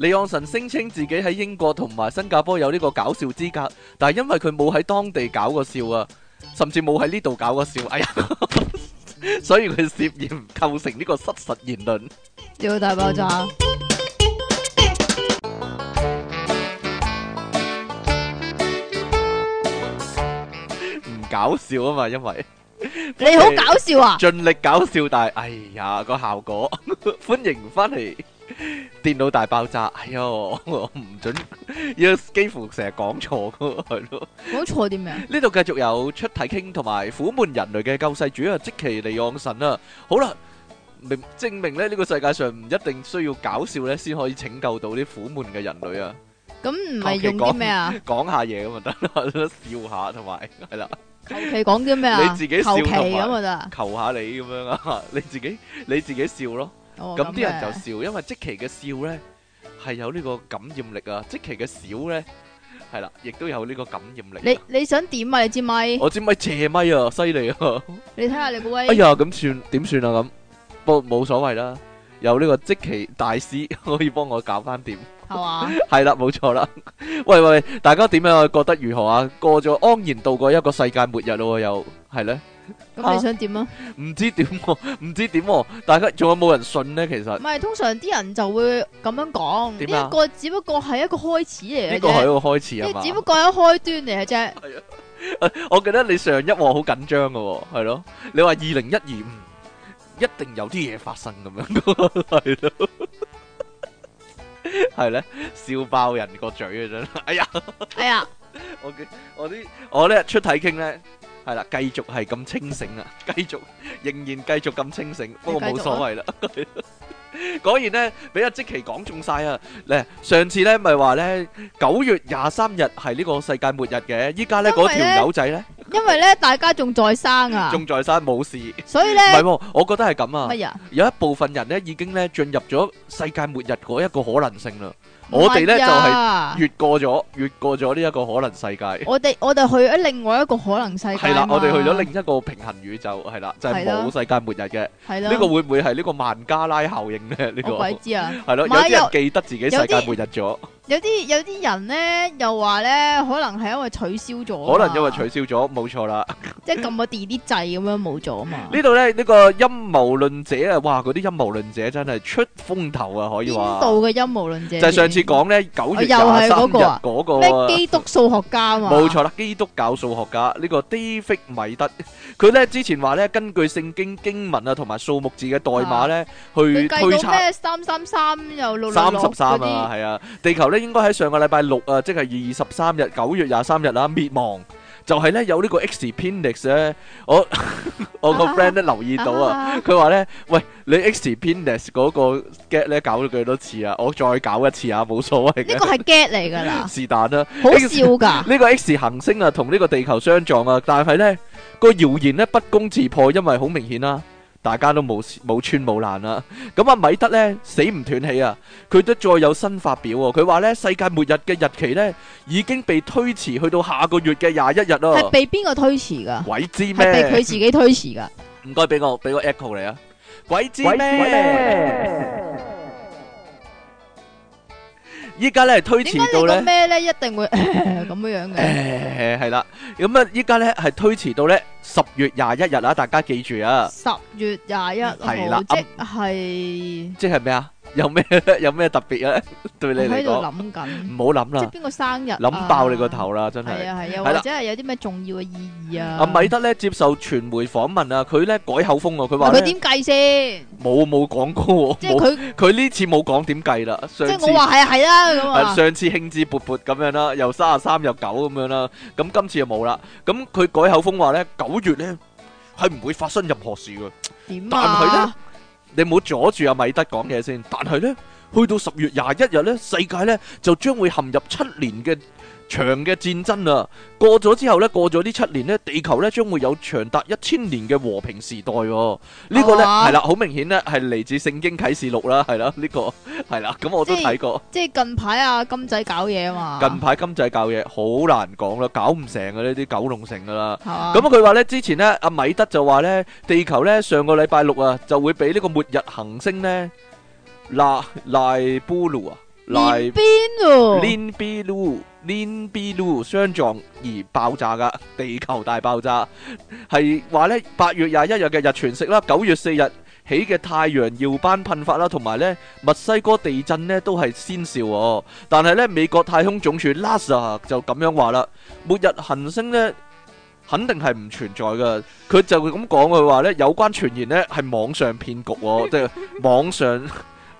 李昂臣聲稱自己喺英國同埋新加坡有呢個搞笑資格，但係因為佢冇喺當地搞過笑啊，甚至冇喺呢度搞過笑，哎呀，所以佢涉嫌構成呢個失實言論。要大爆炸？唔搞笑啊嘛，因為你好搞笑啊！盡力搞笑，但係哎呀個效果，歡迎翻嚟。電腦大爆炸，哎呀，我唔準，要幾乎成日講錯噶，係咯，講錯啲咩啊？呢度繼續有出體 king 同埋苦悶人類嘅救世主啊，即積淇離岸神啦。好啦，明證明咧呢個世界上唔一定需要搞笑咧先可以拯救到啲苦悶嘅人類啊。咁唔係用啲咩啊？講下嘢咁咪得啦，笑下同埋係啦。求其講啲咩啊？你自己笑咁啊得。求下你咁樣啊，你自己你自己笑咯。咁啲人就笑，因為積淇嘅笑咧係有呢個感染力啊，積淇嘅笑咧係啦，亦都有呢個感染力。你你想點啊？你支咪？我支咪借咪啊！犀利啊！你睇下你個威。哎呀，咁算點算啊？咁，不冇所謂啦。有呢個積淇大師可以幫我搞翻掂係嘛？係啦，冇錯啦。喂喂，大家點樣啊？覺得如何啊？過咗安然度過一個世界末日咯？又係咧。咁你想點啊？唔知點，唔知點，大家仲有冇人信咧？其實唔係，通常啲人就會咁樣講。一個只不過係一個開始嚟嘅，呢個係一個開始啊嘛，只不過係開端嚟嘅啫。我記得你上一話好緊張嘅，係咯？你話二零二五一定有啲嘢發生咁樣，係咯？係咧，笑爆人個嘴嘅真係，哎呀，哎呀，我我啲我呢出體傾咧。係啦，繼續係咁清醒啦，繼續仍然繼續咁清醒，不過冇所謂啦。果然咧，俾阿積淇講中晒啊！嗱，上次咧咪話咧九月廿三日係呢個世界末日嘅，依家咧，嗰條友仔咧，因為咧大家仲在生啊，仲在生冇事，所以咧唔係，我覺得係咁啊，有一部分人咧已經咧進入咗世界末日嗰一個可能性啦。啊、我哋咧就係越過咗，越過咗呢一個可能世界。我哋我哋去咗另外一個可能世界。係啦，我哋去咗另一個平行宇宙。係啦，就係、是、冇世界末日嘅。係啦，呢個會唔會係呢個孟加拉效應咧？呢、這個鬼知啊係咯，有啲人記得自己世界末日咗。 有啲有啲人咧，又話咧，可能係因為取消咗，可能因為取消咗，冇錯啦，即係撳個 delete 掣咁樣冇咗嘛。呢度咧呢個陰謀論者啊，哇！嗰啲陰謀論者真係出風頭啊，可以話邊度嘅陰謀論者？就係上次講咧九月廿三日嗰個咩基督數學家嘛？冇錯啦，基督教數學家呢個 David 米德，佢咧之前話咧，根據聖經經文啊，同埋數目字嘅代碼咧，去計到咩三三三又六六三十三啊，係啊，地球咧。應該喺上個禮拜六啊，即係二十三日九月廿三日啦，滅亡就係、是、咧有個 X ix, 呢個 Xpiness 咧，我我個 friend 咧留意到啊哈，佢話咧喂，你 Xpiness 嗰個 get 咧搞咗幾多次啊？我再搞一次啊，冇所謂，呢個係 get 嚟噶啦。是但啦，好笑噶呢 X 個 X 行星啊，同呢個地球相撞啊，但係咧、那個謠言咧不攻自破，因為好明顯啦、啊。大家都冇冇穿冇爛啦，咁啊米德咧死唔斷氣啊！佢都再有新發表喎，佢話咧世界末日嘅日期咧已經被推遲去到下個月嘅廿一日咯。係被邊個推遲噶？鬼知咩？係佢自己推遲噶。唔該俾我俾個 echo 嚟啊！鬼知咩？ 依家咧係推遲到咧咩咧一定會咁、呃、 樣樣嘅，係啦。 咁啊，依家咧係推遲到咧十月廿一日啊，大家記住啊。十月廿一，係啦，即係即係咩啊？ 有咩有咩特別咧？對你嚟講，我喺度諗緊，唔好諗啦。即係邊個生日諗、啊、爆你個頭啦，真係係啊係，又、啊、或者係有啲咩重要嘅意義啊？阿了、啊、米德咧接受傳媒訪問啊，佢咧改口風喎，佢話佢點計先？冇冇講過，佢佢呢次冇講點計啦。即係我話係啊係啦，上次興致、啊啊啊、勃勃咁樣啦，又三啊三又九咁樣啦，咁今次就冇啦。咁佢改口風話咧九月咧係唔會發生任何事噶，但係咧。你唔好阻住阿米德講嘢先，但係呢，去到十月廿一日呢，世界呢就將會陷入七年嘅長嘅戰爭啊，過咗之後咧，過咗呢七年咧，地球咧將會有長達一千年嘅和平時代。呢個咧係啦，好明顯咧係嚟自聖經啟示錄啦，係啦，呢個係啦，咁我都睇過。即係近排阿金仔搞嘢啊嘛。近排金仔搞嘢，好難講啦，搞唔成嘅呢啲九龍城噶啦。咁啊佢話咧，之前咧阿米德就話咧，地球咧上個禮拜六啊，就會俾呢個末日行星咧嗱賴布魯啊。Nebula 喎，Nebula，Nebula，相撞而爆炸噶，地球大爆炸係話呢八月廿一日嘅日全食啦，九月四日起嘅太陽耀斑噴發啦，同埋呢墨西哥地震呢都係先兆哦。但係呢美國太空總署 NASA、er、就咁樣話啦，末日行星呢肯定係唔存在噶，佢就會咁講，佢話呢有關傳言呢係網上騙局， 即係網上。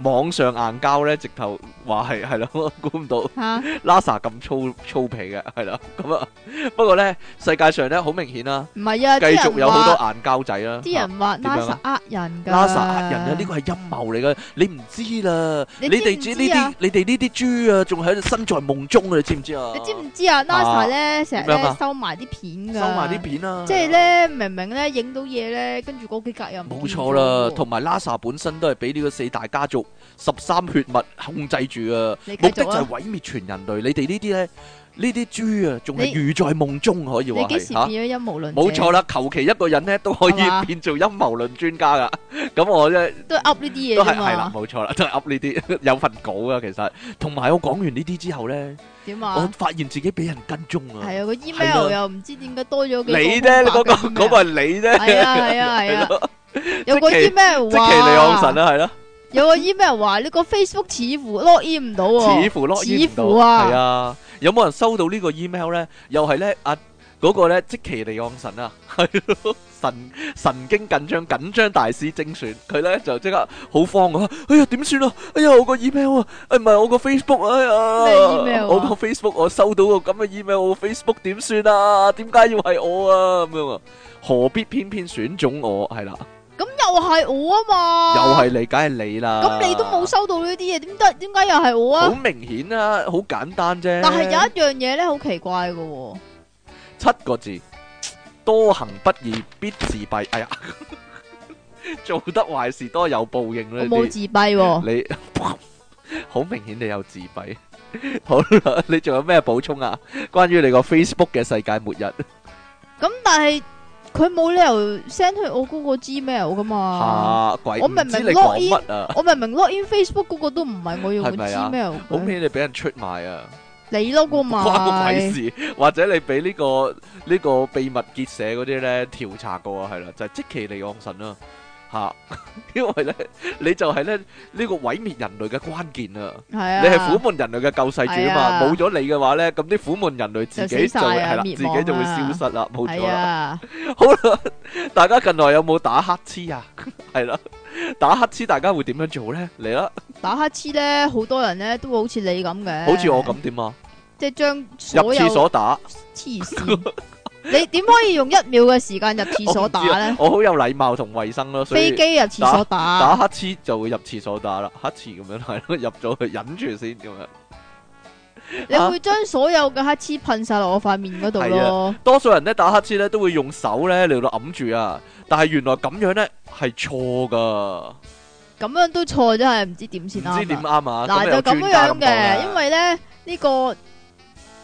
網上硬膠咧，直頭話係係咯，估唔到 NASA 咁粗粗皮嘅，係啦咁啊。不過咧，世界上咧好明顯啦，唔係啊，繼續有好多硬膠仔啦，啲人話 NASA 呃人噶，NASA 呃人啊，呢個係陰謀嚟噶，你唔知啦。你哋這呢啲，你哋呢啲豬啊，仲喺度身在夢中啊，你知唔知啊？你知唔知啊？NASA 咧成日收埋啲片㗎，收埋啲片啊。即係咧，明明咧影到嘢咧，跟住嗰幾格人冇錯啦，同埋 NASA 本身都係俾呢個四大家族，十三血脈控制住啊！目的就係毀滅全人類。你哋呢啲咧，呢啲豬啊，仲係如在夢中可以話係吓。幾時變咗陰謀論？冇錯啦，求其一個人咧都可以變做陰謀論專家噶。咁我咧都噏呢啲嘢，都係係啦，冇錯啦，都係噏呢啲有份稿啊。其實同埋我講完呢啲之後咧，點啊？我發現自己俾人跟蹤啊！係啊，個 email 又唔知點解多咗。你咧？嗰個嗰個係你咧？係啊係啊係啊！有嗰啲咩話？即係你離岸神啊，係咯。有個 email 話呢個 Facebook 似乎 log in 唔到喎，似乎 log in 唔到啊，係啊，有冇人收到呢個 email 咧？又係咧，阿嗰個咧即積淇離岸神啊，係咯，神神經緊張緊張大師精選，佢咧就即刻好慌啊，哎呀點算啊？哎呀我個 email 啊，哎唔係我個 Facebook 啊，咩 email？我個 Facebook 我收到個咁嘅 email，我個 Facebook 點算啊？點解要係我啊？咁樣何必偏偏選中我？係啦。咁又係我啊嘛！又係你，梗係你啦。咁你都冇收到呢啲嘢，點得？點解又係我啊？好明顯啊，好簡單啫。但係有一樣嘢咧，好奇怪嘅。七個字，多行不義必自閉。哎呀，做得壞事多有報應啦。冇自閉，你好明顯你有自閉。好啦，你仲有咩補充啊？關於你個 Facebook 嘅世界末日。咁但係。佢冇理由 send 去我嗰個 Gmail 噶嘛？啊、鬼我明明 login 我明明 login Facebook 個都唔係我要嘅 Gmail。好明顯俾人出賣啊！你碌個嘛？關我鬼事？ 或者你俾呢、這個呢、這個秘密結社嗰啲咧調查過啊？係啦，就係、是、積淇離岸神啦、啊。吓，因為咧，你就係咧呢個毀滅人類嘅關鍵啊！你係苦悶人類嘅救世主啊嘛！冇咗你嘅話咧，咁啲苦悶人類自己就會係啦，自己就會消失啦，冇錯啦。好啦，大家近來有冇打黑黐啊？係啦，打黑黐大家會點樣做咧？嚟啦！打黑黐咧，好多人咧都會好似你咁嘅，好似我咁點啊？即係將入廁所打黐。你點可以用一秒嘅時間入廁所打咧？我好有禮貌同衛生咯。飛機入廁所打打乞嗤就會入廁所打啦，乞嗤咁樣係咯，入咗去忍住先咁樣。你會將所有嘅乞嗤噴晒落我塊面嗰度咯。多數人咧打乞嗤咧都會用手咧嚟到揞住啊，但係原來咁樣咧係錯噶。咁樣都錯，真係唔知點先啦。唔知點啱啊？嗱就咁樣嘅，因為咧呢、呢個。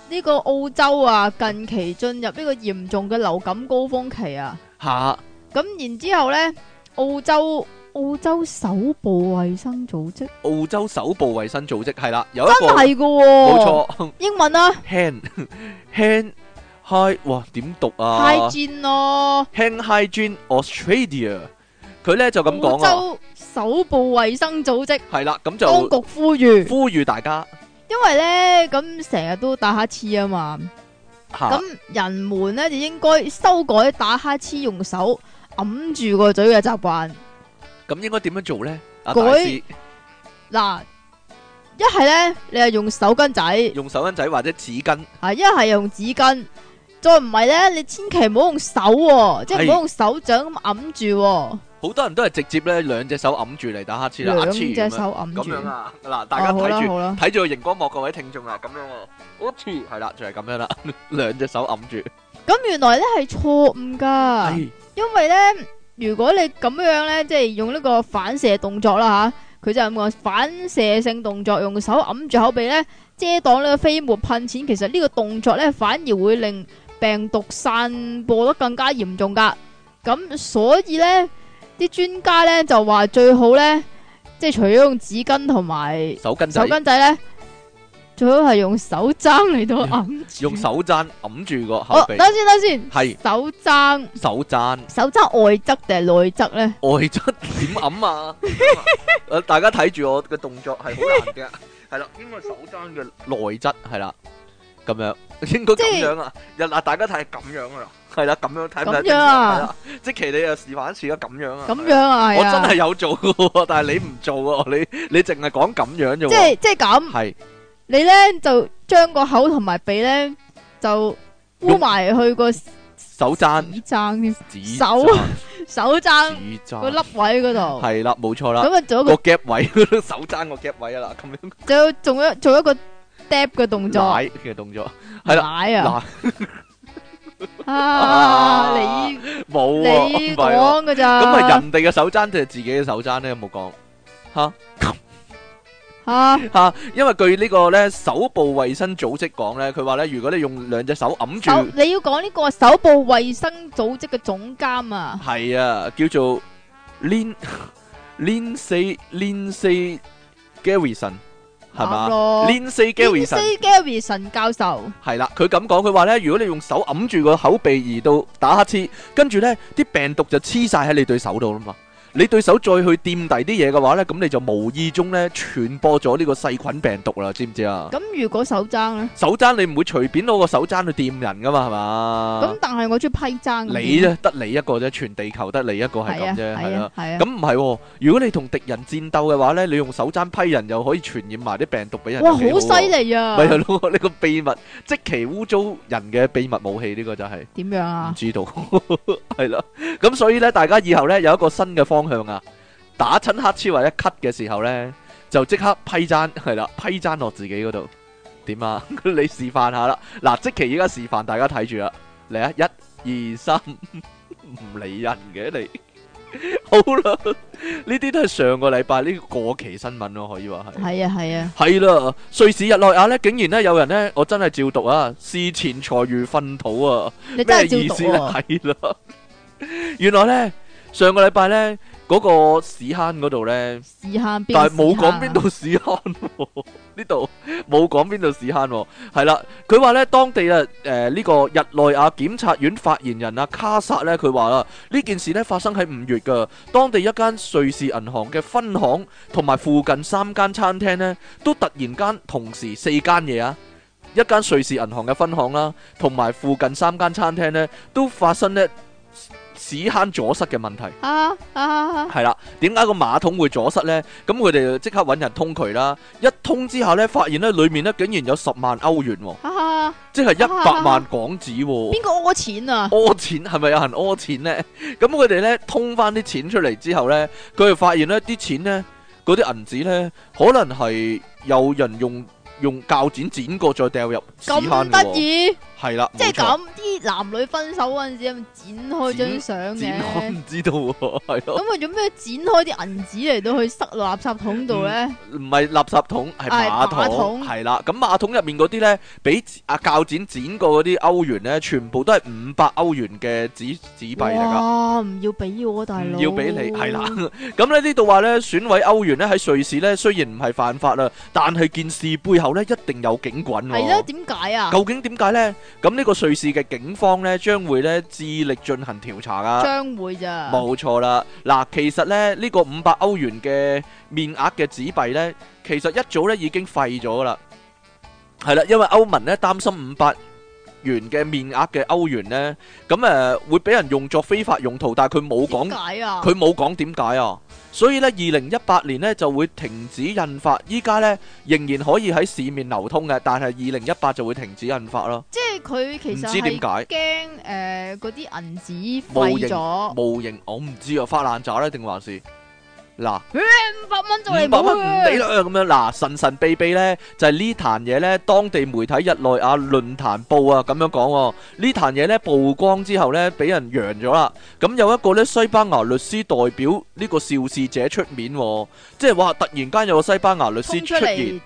呢個澳洲啊，近期進入呢個嚴重嘅流感高峰期啊，吓、啊！咁然之後咧，澳洲澳洲手部衛生組織，澳洲手部衛生組織係啦，有一個真係嘅、哦，冇錯錯，英文啊，hand hand high 哇，點讀啊，Hygiene、哦、咯，hand Hygiene Australia，佢咧就咁講啊，澳洲手部衛生組織係啦，咁就當局呼籲呼籲大家。因為咧，咁成日都打乞嗤啊嘛，咁哈人們咧就應該修改打乞嗤用手揞住個嘴嘅習慣。咁應該點樣做咧？改嗱舉，一係咧你係用手巾仔，用手巾仔或者紙巾啊，一係用紙巾。再唔係咧，你千祈唔好用手，是即係唔好用手掌咁揞住。好多人都係直接咧，兩隻手揞住嚟打乞嗤咁樣啊！嗱，大家睇住睇住個熒光幕，各位聽眾啊，咁樣啊，黐係啦，就係咁樣啦，兩隻手揞住咁，原來咧係錯誤噶，因為咧，如果你咁樣咧，即係用呢個反射動作啦吓，佢就係咁講，反射性動作用手揞住口鼻咧，遮擋呢個飛沫噴濺，其實呢個動作咧反而會令病毒散播得更加嚴重噶。咁所以咧。啲專家咧就話最好咧，即係除咗用紙巾同埋手巾手巾仔咧，最好係用手踭嚟到揞，用手踭揞住個口鼻。等先，等先，係手踭，手踭，手踭外側定係內側咧？外側點揞啊？誒，大家睇住我嘅動作係好難嘅，係啦，應該手踭嘅內側係啦，咁樣應該咁樣啊？日啊，大家睇係咁樣噶啦。係啦，咁樣睇睇，即係你又示範一次咁樣啊？咁樣啊，係啊！我真係有做嘅，但係你唔做啊！你你淨係講咁樣啫。即係即係咁。係你咧就將個口同埋鼻咧就烏埋去個手踭。踭手手踭。踭個粒位嗰度。係啦，冇錯啦。咁啊，做一個夾位，手踭個夾位啊啦，咁樣。仲有仲一做一個夾嘅動作。奶嘅動作。奶啊！啊！你冇啊，唔講㗎咋？咁係人哋嘅手踭定係自己嘅手踭咧？有冇講？吓吓吓！因為據呢個咧手部衛生組織講咧，佢話咧，如果你用兩隻手揞住，你要講呢個手部衛生組織嘅總監啊？係啊，叫做 Lin Linsey Linsey Garrison。係嘛？ Lincy Garvais 神教授係啦，佢咁講，佢話咧，如果你用手揞住個口鼻而到打乞嗤，跟住咧啲病毒就黐晒喺你對手度啦嘛。你對手再去掂第啲嘢嘅話咧，咁你就無意中咧傳播咗呢個細菌病毒啦，知唔知啊？咁如果手踭咧？手踭你唔會隨便攞個手踭去掂人噶嘛，係嘛？咁但係我中意批踭。你啫，得你一個啫，全地球得你一個係咁啫，係咯？係啊。咁唔係喎，如果你同敵人戰鬥嘅話咧，你用手踭批人又可以傳染埋啲病毒俾人。哇！好犀利啊！唔係啊，老我呢個秘密，即其污糟人嘅秘密武器呢個就係點樣啊？唔知道。係啦，咁所以咧，大家以後咧有一個新嘅方向啊，打親乞嗤或者咳嘅時候咧，就即刻批踭係啦，批踭落自己嗰度點啊？ 你示範下啦，嗱，即期而家示範，大家睇住啦，嚟啊，一二三，唔 理人嘅你， 好啦，呢啲都係上個禮拜呢個過期新聞咯，啊，可以話係，係啊係啊，係啦，啊，瑞士日內瓦咧，竟然咧有人咧，我真係照讀啊，視錢財如糞土啊，咩？啊、意思啊？係咯，原來咧上個禮拜咧。嗰個屎坑嗰度呢，但係冇講邊度屎坑，呢度冇講邊度屎坑，係啦。佢話呢，當地啊，誒、呃、呢、呢個日內亞檢察院發言人啊卡薩呢，佢話啦，呢件事呢，發生喺五月噶，當地一間瑞士銀行嘅分行同埋附近三間餐廳呢，都突然間同時四間嘢啊，一間瑞士銀行嘅分行啦，同埋附近三間餐廳呢，都發生呢。屎坑阻塞嘅問題啊，係、啊、啦，點、啊、解個馬桶會阻塞呢？咁佢哋就即刻搵人通佢啦。一通之下呢，發現呢裏面呢竟然有十萬歐元，啊啊、即係一百萬港紙。邊個屙錢啊？屙錢係咪有人屙錢呢？咁佢哋呢通翻啲錢出嚟之後呢，佢哋發現呢啲錢呢，嗰啲銀紙呢，可能係有人用用鉸剪剪過再掉入屎坑得係啦，即係咁，啲男女分手嗰陣時，咪剪開張相嘅，我唔知道喎、啊，係咯。咁佢做咩剪開啲銀紙嚟，到去塞落垃圾桶度咧？唔係、嗯、垃圾桶，係馬桶，係啦、哎。咁馬桶入面嗰啲咧，俾阿鉸剪剪過嗰啲歐元咧，全部都係五百歐元嘅紙紙幣嚟噶。哦，唔要俾我大佬，要俾你係啦。咁咧、 嗯、呢度話咧，損毀歐元咧喺瑞士咧，雖然唔係犯法啦，但係件事背後咧一定有警棍、啊。係啦，點解啊？究竟點解咧？咁呢個瑞士嘅警方咧，將會咧致力進行調查㗎。將會啫，冇錯啦。嗱，其實咧呢個五百歐元嘅面額嘅紙幣咧，其實一早咧已經廢咗啦。係啦，因為歐盟咧擔心五百元嘅面額嘅歐元咧，咁誒會俾人用作非法用途，但係佢冇講，點解啊，佢冇講點解啊。所以咧，二零一八年咧就會停止印發，依家咧仍然可以喺市面流通嘅，但係二零一八就會停止印發咯。佢其實唔知點解驚嗰啲銀紙廢咗，冇形。我唔知啊，發爛渣咧定還是？嗱，喏五百蚊就嚟，五百蚊唔咁樣。嗱，神神秘秘呢，就係呢壇嘢呢，當地媒體日內啊論壇報啊咁樣講、哦，呢壇嘢呢，曝光之後呢，俾人揚咗啦。咁有一個呢，西班牙律師代表呢個肇事者出面、哦，即係話突然間有個西班牙律師出現，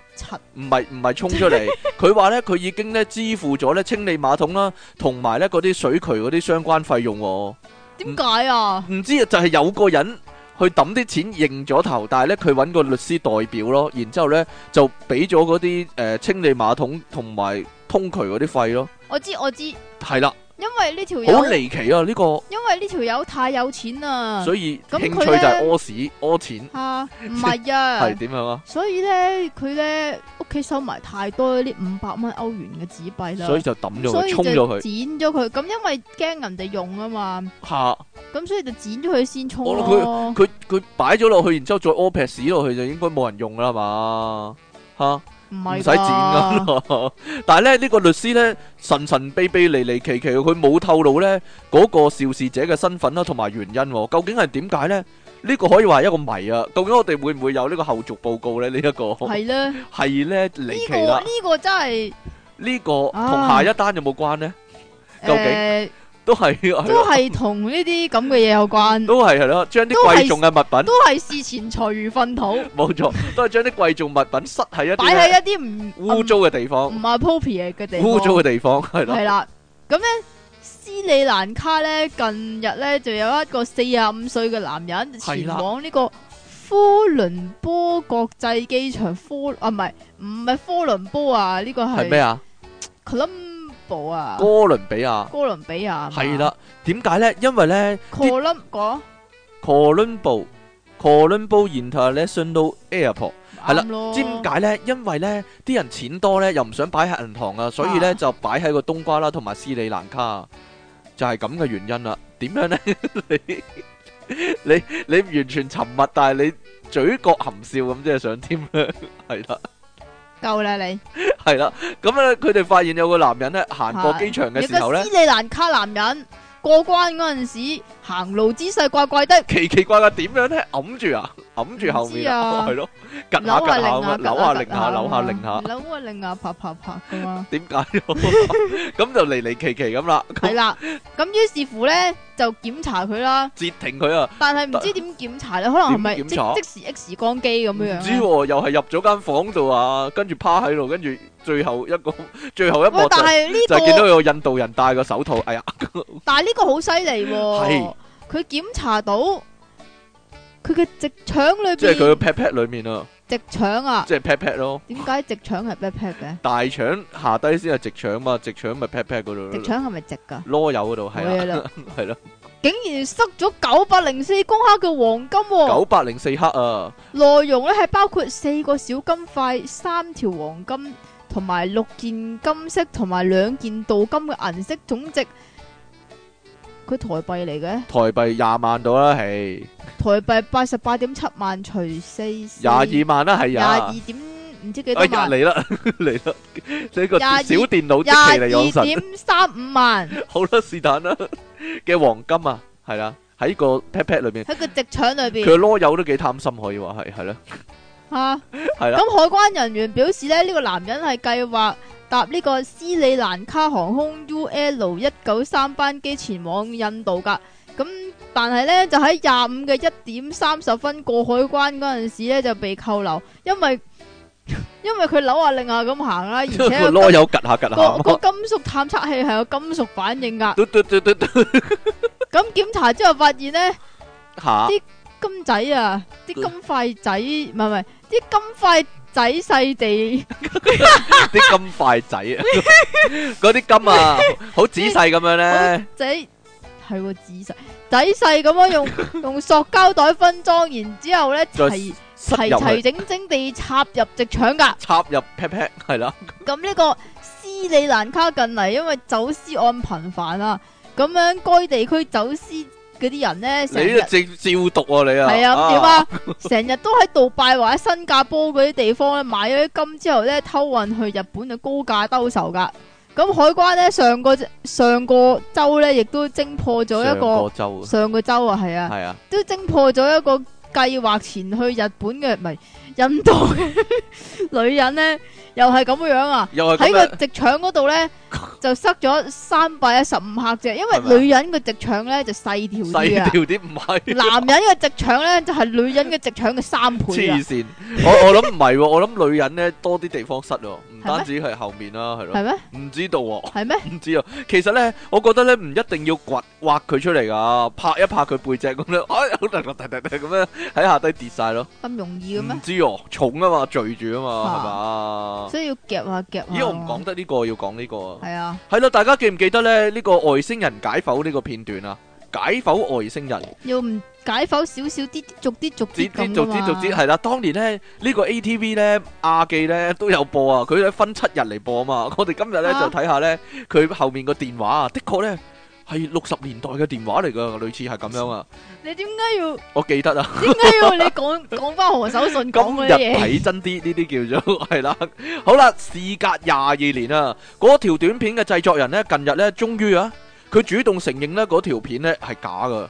唔係唔係衝出嚟。佢話 呢，佢已經咧支付咗呢清理馬桶啦，同埋呢嗰啲水渠嗰啲相關費用、哦。點解啊？唔、嗯、知就係、是、有個人。去抌啲錢認咗頭，但係咧佢揾個律師代表咯，然之後咧就俾咗嗰啲誒清理馬桶同埋通渠嗰啲費咯。我知我知，係啦了，因為呢條友好離奇啊！呢、呢個因為呢條友太有錢啦，所以興趣就係屙屎屙錢嚇，唔係啊，係點啊？ 樣所以咧，佢咧。佢收埋太多啲五百蚊歐元嘅紙幣啦，所以就抌咗佢，沖咗佢，剪咗佢。咁因為驚人哋用啊嘛，吓，咁所以就剪咗佢先沖咯。佢佢佢擺咗落去，然之後再屙撇屎落去就應該冇人用啦嘛，吓，唔係唔使剪噶。但係咧呢個律師咧神神秘秘、離離奇奇，佢冇透露咧嗰個肇事者嘅身份啦，同埋原因，究竟係點解咧？呢個可以話係一個謎啊！究竟我哋會唔會有呢個後續報告咧？呢一個係咧，係咧，離奇啦！呢個呢個真係呢個同下一單有冇關咧？究竟都係都係同呢啲咁嘅嘢有關？都係係咯，將啲貴重嘅物品都係事前除糞土，冇錯，都係將啲貴重物品塞喺一擺喺一啲唔污糟嘅地方，唔係 poor 嘅地方，污糟嘅地方係咯，係啦，咁咧。斯里蘭卡咧，近日咧就有一個四十五歲嘅男人前往呢個科倫坡國際機場。科是的 啊，唔係唔係科倫坡啊，呢、這個係咩啊 Colombo 啊，哥倫比亞，哥倫比亞係啦。點解咧？因為咧啲人，Colombo，Colombo international airport 係啦錯。點解咧？因為咧啲人錢多咧，又唔想擺喺銀行啊，所以咧、啊、就擺喺個冬瓜啦，同埋斯里蘭卡。就係咁嘅原因啦，點樣咧？ 你你你完全沉默，但係你嘴角含笑咁，即係想添啦，係 啦的，夠啦你，係啦， 咁咧佢哋發現有個男人咧行過機場嘅時候咧，你個斯里蘭卡男人過關嗰陣時。行路姿勢怪怪的，奇奇怪怪，點樣咧？揞住啊，揞住後面啊，係咯，扭下擰下，扭下擰下，扭下擰下，扭下擰下，啪啪啪咁啊！點解？咁就離離奇奇咁啦。係啦，咁於是乎咧就檢查佢啦，截停佢啊！但係唔知點檢查咧，可能係咪即即時 X 光機咁樣樣。唔知，又係入咗間房度啊，跟住趴喺度，跟住最後一個最後一幕就就見到個印度人戴個手套。哎呀，但係呢個好犀利喎。係。佢檢查到佢嘅直腸裏邊，即係佢嘅 pat pat 裏面啊！直腸啊，即係 pat pat 咯。點解直腸係 pat pat 嘅？大腸下低先係直腸嘛，直腸咪 pat pat 嗰度咯。直腸係咪直噶？籮柚嗰度係啊，係咯。竟然塞咗九百零四公克嘅黃金，九百零四克啊！內容咧係包括四個小金塊、三條黃金同埋六件金飾、同埋兩件鍍金嘅銀飾總值。佢台幣嚟嘅，台幣廿萬到啦，係台幣八十八點七萬除四，廿二萬啦，係廿二點唔知幾多萬嚟啦嚟啦，呢個小電腦積淇離岸神，廿二點三五萬，好啦是但啦嘅黃金啊，係啦喺個 pat pat 裏邊，喺個直腸裏邊，佢攞油都幾貪心可以話係係啦，嚇係啦，咁海關人員表示咧呢個男人係計劃。搭呢個斯里蘭卡航空 UL 一九三班機前往印度噶，咁但係咧就喺廿五嘅一點三十分過海關嗰陣時咧就被扣留，因為因為佢扭下擰下咁行啦，而且個囉柚夾下夾下，個金屬探測器係有金屬反應噶，咁檢查之後發現咧，啲金仔啊，啲金塊仔，唔係唔係，啲金塊。仔細地，啲 金塊仔啊，嗰啲金啊，好仔細咁樣咧，仔係個仔細，仔細咁樣用 用塑膠袋分裝，然之後咧齊齊整整地插入直腸噶，插入 pat pat 係啦。咁呢 個斯里蘭卡近嚟因為走私案頻繁啊，咁樣該地區走私。嗰啲人咧成日，照讀喎、啊、你啊，係啊點啊？成日都喺杜拜或者新加坡嗰啲地方咧買咗啲金之後咧偷運去日本嘅高價兜售噶。咁海關咧上個上個週咧亦都偵破咗一個上個週，上個週啊，係啊，啊都偵破咗一個計劃前去日本嘅唔係。印度嘅女人咧，又係咁嘅樣啊！喺個直腸嗰度咧，就塞咗三百一十五克隻，因為女人嘅直腸咧就細條啲啊。細條啲唔係。男人嘅直腸咧就係女人嘅直腸嘅三倍。黐線，我我諗唔係，我諗女人咧多啲地方塞，唔單止係後面啦，係咯。係咩？唔知道喎。係咩？唔知啊。其實咧，我覺得咧唔一定要掘挖佢出嚟噶，拍一拍佢背脊咁樣，哎，好大力，咁樣喺下低跌晒咯。咁容易嘅咩？哦、重啊嘛，聚住啊嘛，係嘛、啊，吧所以要夾下夾。啊咦，我唔講得呢個，要講呢個。係啊，係啦、啊，大家記唔記得咧？呢、這個外星人解剖呢個片段啊？解剖外星人？要唔解剖少少啲，啲逐啲逐啲、啊嗯、逐啲逐啲？係啦。當年咧，這個、呢個 ATV 咧，亞記咧都有播啊。佢喺分七日嚟播啊嘛。我哋今日咧就睇下咧，佢、啊、後面個電話啊，的確咧。係六十年代嘅電話嚟噶類似係咁樣啊！你點解要？我記得啊，點解要你講講翻何守信講嘅嘢？講入睇真啲，呢啲叫做係啦。好啦，事隔廿二年啊，嗰條短片嘅製作人咧，近日咧，終於啊，佢主動承認咧，嗰條片咧係假噶，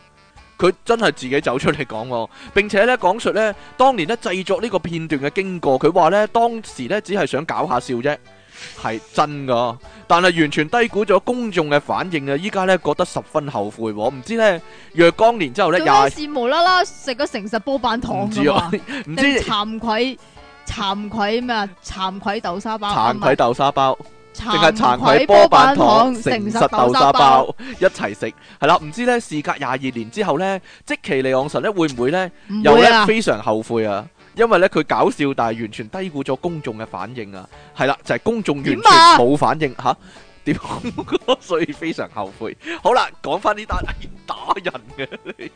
佢真係自己走出嚟講喎，並且咧講述咧當年咧製作呢個片段嘅經過。佢話咧當時咧只係想搞下笑啫。係真噶，但係完全低估咗公眾嘅反應啊！依家呢覺得十分後悔，唔知呢，若干年之後呢，又無啦啦食咗誠實波板糖噶嘛？唔知慚愧慚愧咩啊？慚愧豆沙包，慚愧豆沙包，定係慚愧波板糖？誠實豆沙包一齊食係啦？唔知呢，事隔廿二年之後呢，即積淇離岸神呢，會唔會呢？會又呢，非常後悔啊？因為咧佢搞笑，但係完全低估咗公眾嘅反應啊！係啦，就係公眾完全冇反應吓，點？所以非常後悔。好啦，講翻呢單打人嘅。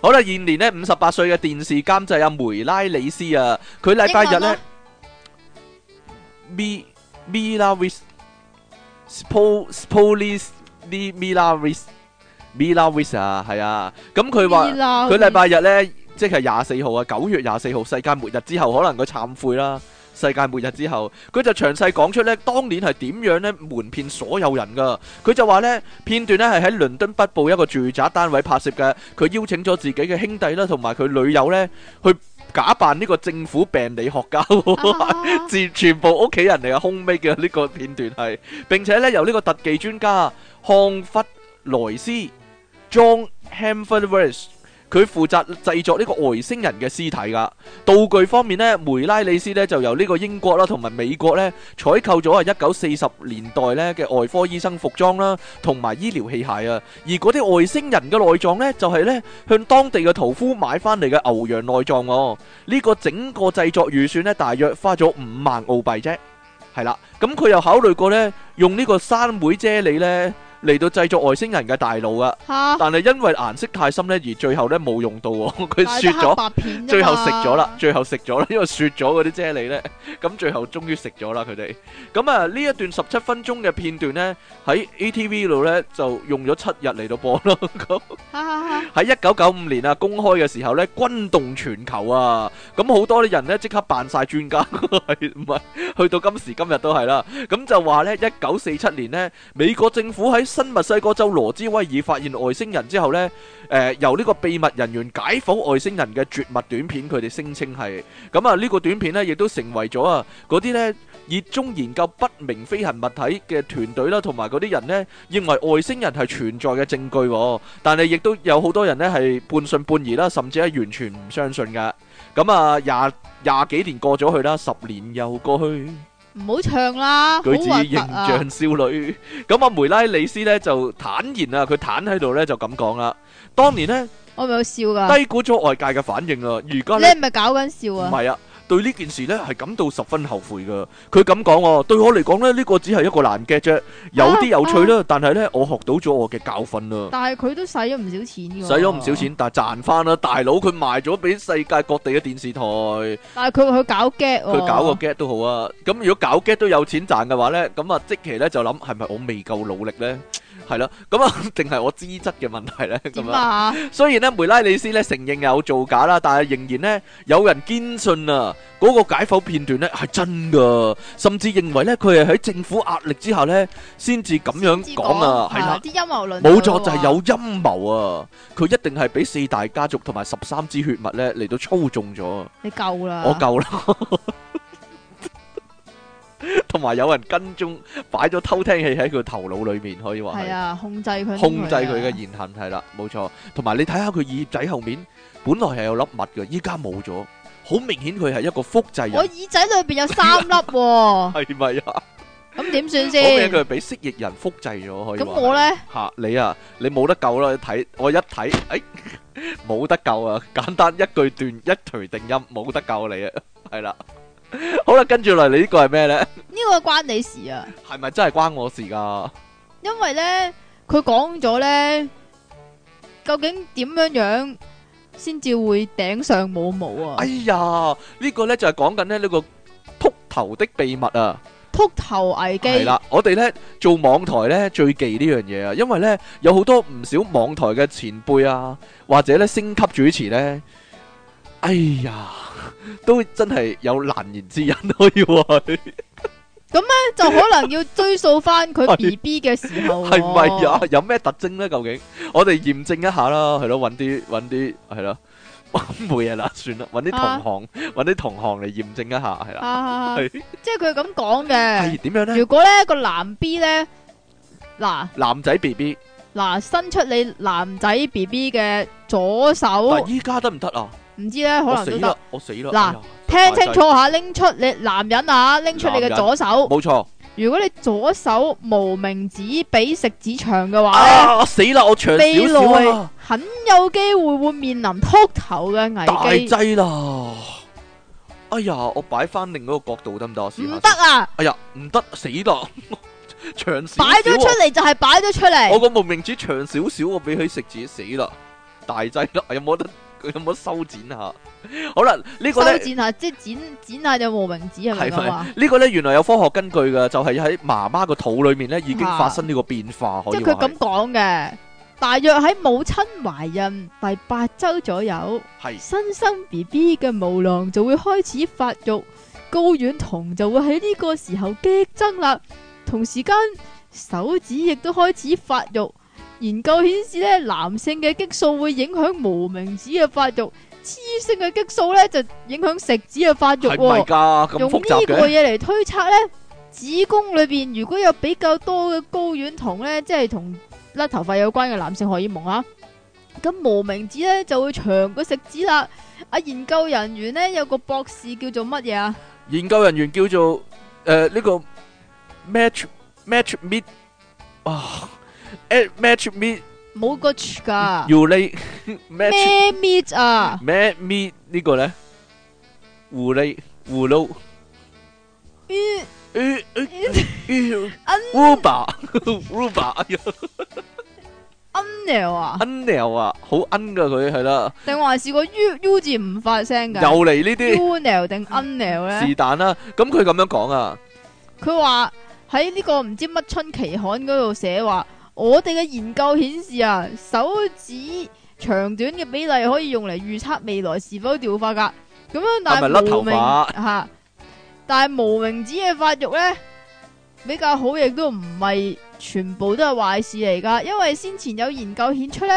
好啦，現年咧五十八歲嘅電視監製阿梅拉里斯啊，佢禮拜日咧，Mi Mila with Spo Police 啲 Milawith Milawith 啊，係啊，咁佢話佢禮拜日咧。即係廿四號啊！九月廿四號，世界末日之後，可能佢慚悔啦。世界末日之後，佢就詳細講出呢當年係點樣呢瞞騙所有人噶。佢就話呢片段呢係喺倫敦北部一個住宅單位拍攝嘅。佢邀請咗自己嘅兄弟啦，同埋佢女友呢去假扮呢個政府病理學家，接 全部屋企人嚟嘅空尾嘅呢個片段係。並且呢，由呢個特技專家漢弗萊斯 （John h u m f o r d e y s 佢負責製作呢個外星人嘅屍體㗎。道具方面咧，梅拉里斯咧就由呢個英國啦同埋美國咧採購咗啊，一九四十年代咧嘅外科醫生服裝啦，同埋醫療器械啊。而嗰啲外星人嘅內臟咧，就係咧向當地嘅屠夫買翻嚟嘅牛羊內臟哦。呢個整個製作預算咧，大約花咗五萬澳幣啫。係啦，咁佢又考慮過咧，用呢個山莓啫喱咧。嚟到製作外星人嘅大腦噶，但係因為顏色太深咧，而最後咧冇用到喎。佢雪咗，最後食咗啦，最後食咗啦，因為雪咗嗰啲啫喱咧，咁最後終於食咗啦佢哋。咁啊呢一段十七分鐘嘅片段咧，喺 ATV 度咧就用咗七日嚟到播咯。喺一九九五年啊，公開嘅時候咧，轟動全球啊！咁好多啲人咧即刻扮曬專家，係唔係？去到今時今日都係啦。咁就話咧，一九四七年咧，美國政府喺新墨西哥州羅茲威爾發現外星人之後咧，誒由呢個秘密人員解剖外星人嘅絕密短片，佢哋聲稱係咁啊。呢個短片咧，亦都成為咗啊嗰啲咧熱衷研究不明飛行物體嘅團隊啦，同埋嗰啲人咧認為外星人係存在嘅證據。但係亦都有好多人咧係半信半疑啦，甚至係完全唔相信嘅。咁啊，廿廿幾年過咗去啦，十年又過去。唔好唱啦，好突啊！佢自己形象少女，咁阿梅拉里斯咧就坦言啊，佢坦喺度咧就咁講啦。當年咧，我咪有笑噶，低估咗外界嘅反應啊！而家你係咪搞緊笑啊？唔係啊！對呢件事咧係感到十分後悔噶，佢咁講，對我嚟講咧呢個只係一個爛 gag 啫，有啲有趣啦，但係咧我學到咗我嘅教訓啦。但係佢都使咗唔少錢嘅。使咗唔少錢，但係賺翻啦，大佬佢賣咗俾世界各地嘅電視台。但係佢話佢搞 gag，佢搞個 gag 都好啊。咁如果搞 gag 都有錢賺嘅話咧，咁啊積淇咧就諗係咪我未夠努力咧？係啦，咁啊，定係我資質嘅問題咧？咁啊，雖然咧梅拉里斯咧承認有造假啦，但係仍然咧有人堅信啊。嗰個解剖片段咧係真噶，甚至認為咧佢係喺政府壓力之下咧，先至咁樣講啊，係啦，啲陰謀論冇錯就係有陰謀啊，佢一定係俾四大家族同埋十三支血脈咧嚟到操縱咗。你夠啦，我夠救啦，同 埋 有，有人跟蹤擺咗偷聽器喺佢頭腦裏面，可以話係啊，控制佢，控制佢嘅言行係啦，冇錯、啊。同埋你睇下佢耳仔後面，本來係有粒物嘅，依家冇咗。好明顯佢係一個複製人，我耳仔裏邊有三粒，係咪啊？咁點算先？講咩？ 佢係俾蜥蜴人複製咗，可以。咁我咧吓、啊、你啊！你冇得救啦！你睇我一睇，誒、哎，冇得救啊！簡單一句段，一錘定音，冇得救你啊！係 啦，好啦，跟住落嚟，你呢個係咩咧？呢個關你事啊？係咪真係關我事噶、啊？因為咧，佢講咗咧，究竟點樣樣？先至會頂上冇毛啊！哎呀，呢、呢個呢就係講緊呢呢個禿頭的秘密啊！禿頭危機係啦，我哋呢做網台呢，最忌呢樣嘢啊，因為呢有好多唔少網台嘅前輩啊，或者呢星級主持呢，哎呀，都真係有難言之隱可以。 咁咧就可能要追溯翻佢 B B 嘅時候、哦，係咪呀？有咩特徵咧？究竟我哋驗證一下啦，係咯，揾啲揾啲係咯，冇嘢啦，算啦，揾啲同行，揾啲、啊、同行嚟驗證一下，係啦、啊的啊，即係佢咁講嘅，係點 樣咧？如果咧個男 B 咧，嗱男仔 B B 嗱，伸出你男仔 B B 嘅左手，依家得唔得啊？唔知咧，可能都得。我死啦！嗱，哎、聽清楚下，拎、哎、出你男人啊，拎出你嘅左手。冇錯。錯，如果你左手無名指比食指長嘅話，啊死啦！我長少少啊，很有機會會面臨禿頭嘅危機。大劑啦！哎呀，我擺翻另一個角度得唔得啊？唔得啊！哎呀，唔得，死啦！長擺咗出嚟就係擺咗出嚟。我個無名指長少少，我比佢食指死啦，大劑啦，有冇得。佢有冇修剪下？ 好啦，呢個修剪下即係剪剪下就無名指係咪？呢個咧原來有科學根據噶，就係喺媽媽個肚裏面咧已經發生呢個變化。即係佢咁講嘅，大約喺母親懷孕第八周左右，係的新生 B B 嘅毛囊就會開始發育，睾丸酮就會喺呢個時候激增啦。同時間手指亦都開始發育。研究顯示咧，男性嘅激素會影響無名指嘅發育，雌性嘅激素咧就影響食指嘅發育。唔係噶，啊，咁複雜嘅。用呢個嘢嚟推測咧，子宮裏邊如果有比較多嘅睾丸酮咧，即係同甩頭髮有關嘅男性荷爾蒙啊。咁無名指咧就會長過食指啦。阿研究人員咧有個博士叫做乜嘢啊？研究人員叫做誒呢，呃這個 match match meet 啊。誒，match me 冇個詞噶，you like 咩 meet 啊？match me 呢個咧，狐狸葫蘆，誒誒誒，Uber Uber，unle 啊，unle 啊，好 un 噶佢係啦，定話試過 u u 字唔發聲嘅？又嚟呢啲 unle 定 unle 啊？是但啦，咁佢咁樣講啊，佢話喺呢個唔知乜春期刊嗰度寫話。我哋嘅研究顯示啊，手指長短嘅比例可以用嚟預測未來是否掉髮噶。咁樣，但係無名、是是、啊、但係無名指嘅發育呢，比較好，亦都唔係全部都係壞事嚟噶。因為先前有研究顯出呢，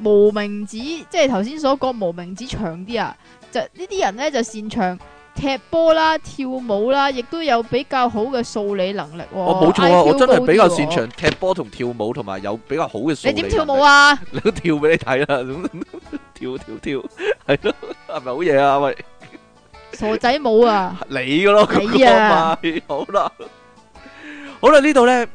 無名指即係頭先所講無名指長啲啊，就呢啲人呢就擅長。踢波啦，跳舞啦，亦都有比較好嘅數理能力喎、喔。我冇錯啊，I feel 我真係比較擅長踢波同跳舞，同埋有比較好嘅數理。你點跳舞啊？你都 跳俾你睇啦，跳跳跳，係咯，係咪好嘢啊？喂，傻仔舞啊！ 你噶咯啦，我咪好啦，好啦， 好啦，呢度咧，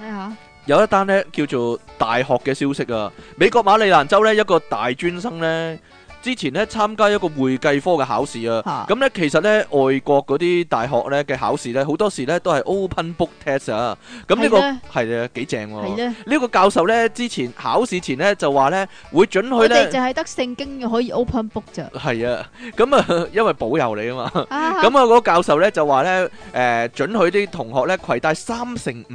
你睇下，有一單咧叫做大學嘅消息啊，美國馬里蘭州咧一個大專生咧。之前咧參加一個會計科嘅考試啊，咁咧其實咧外國嗰啲大學咧嘅考試咧好多時咧都係 open book test 啊，咁呢個係啊幾正喎，呢個教授咧之前考試前咧就話咧會準許咧，淨係得聖經可以 open book 啫，係啊，咁啊因為保佑你啊嘛，咁啊嗰個教授咧就話咧誒準許啲同學咧攜帶三成五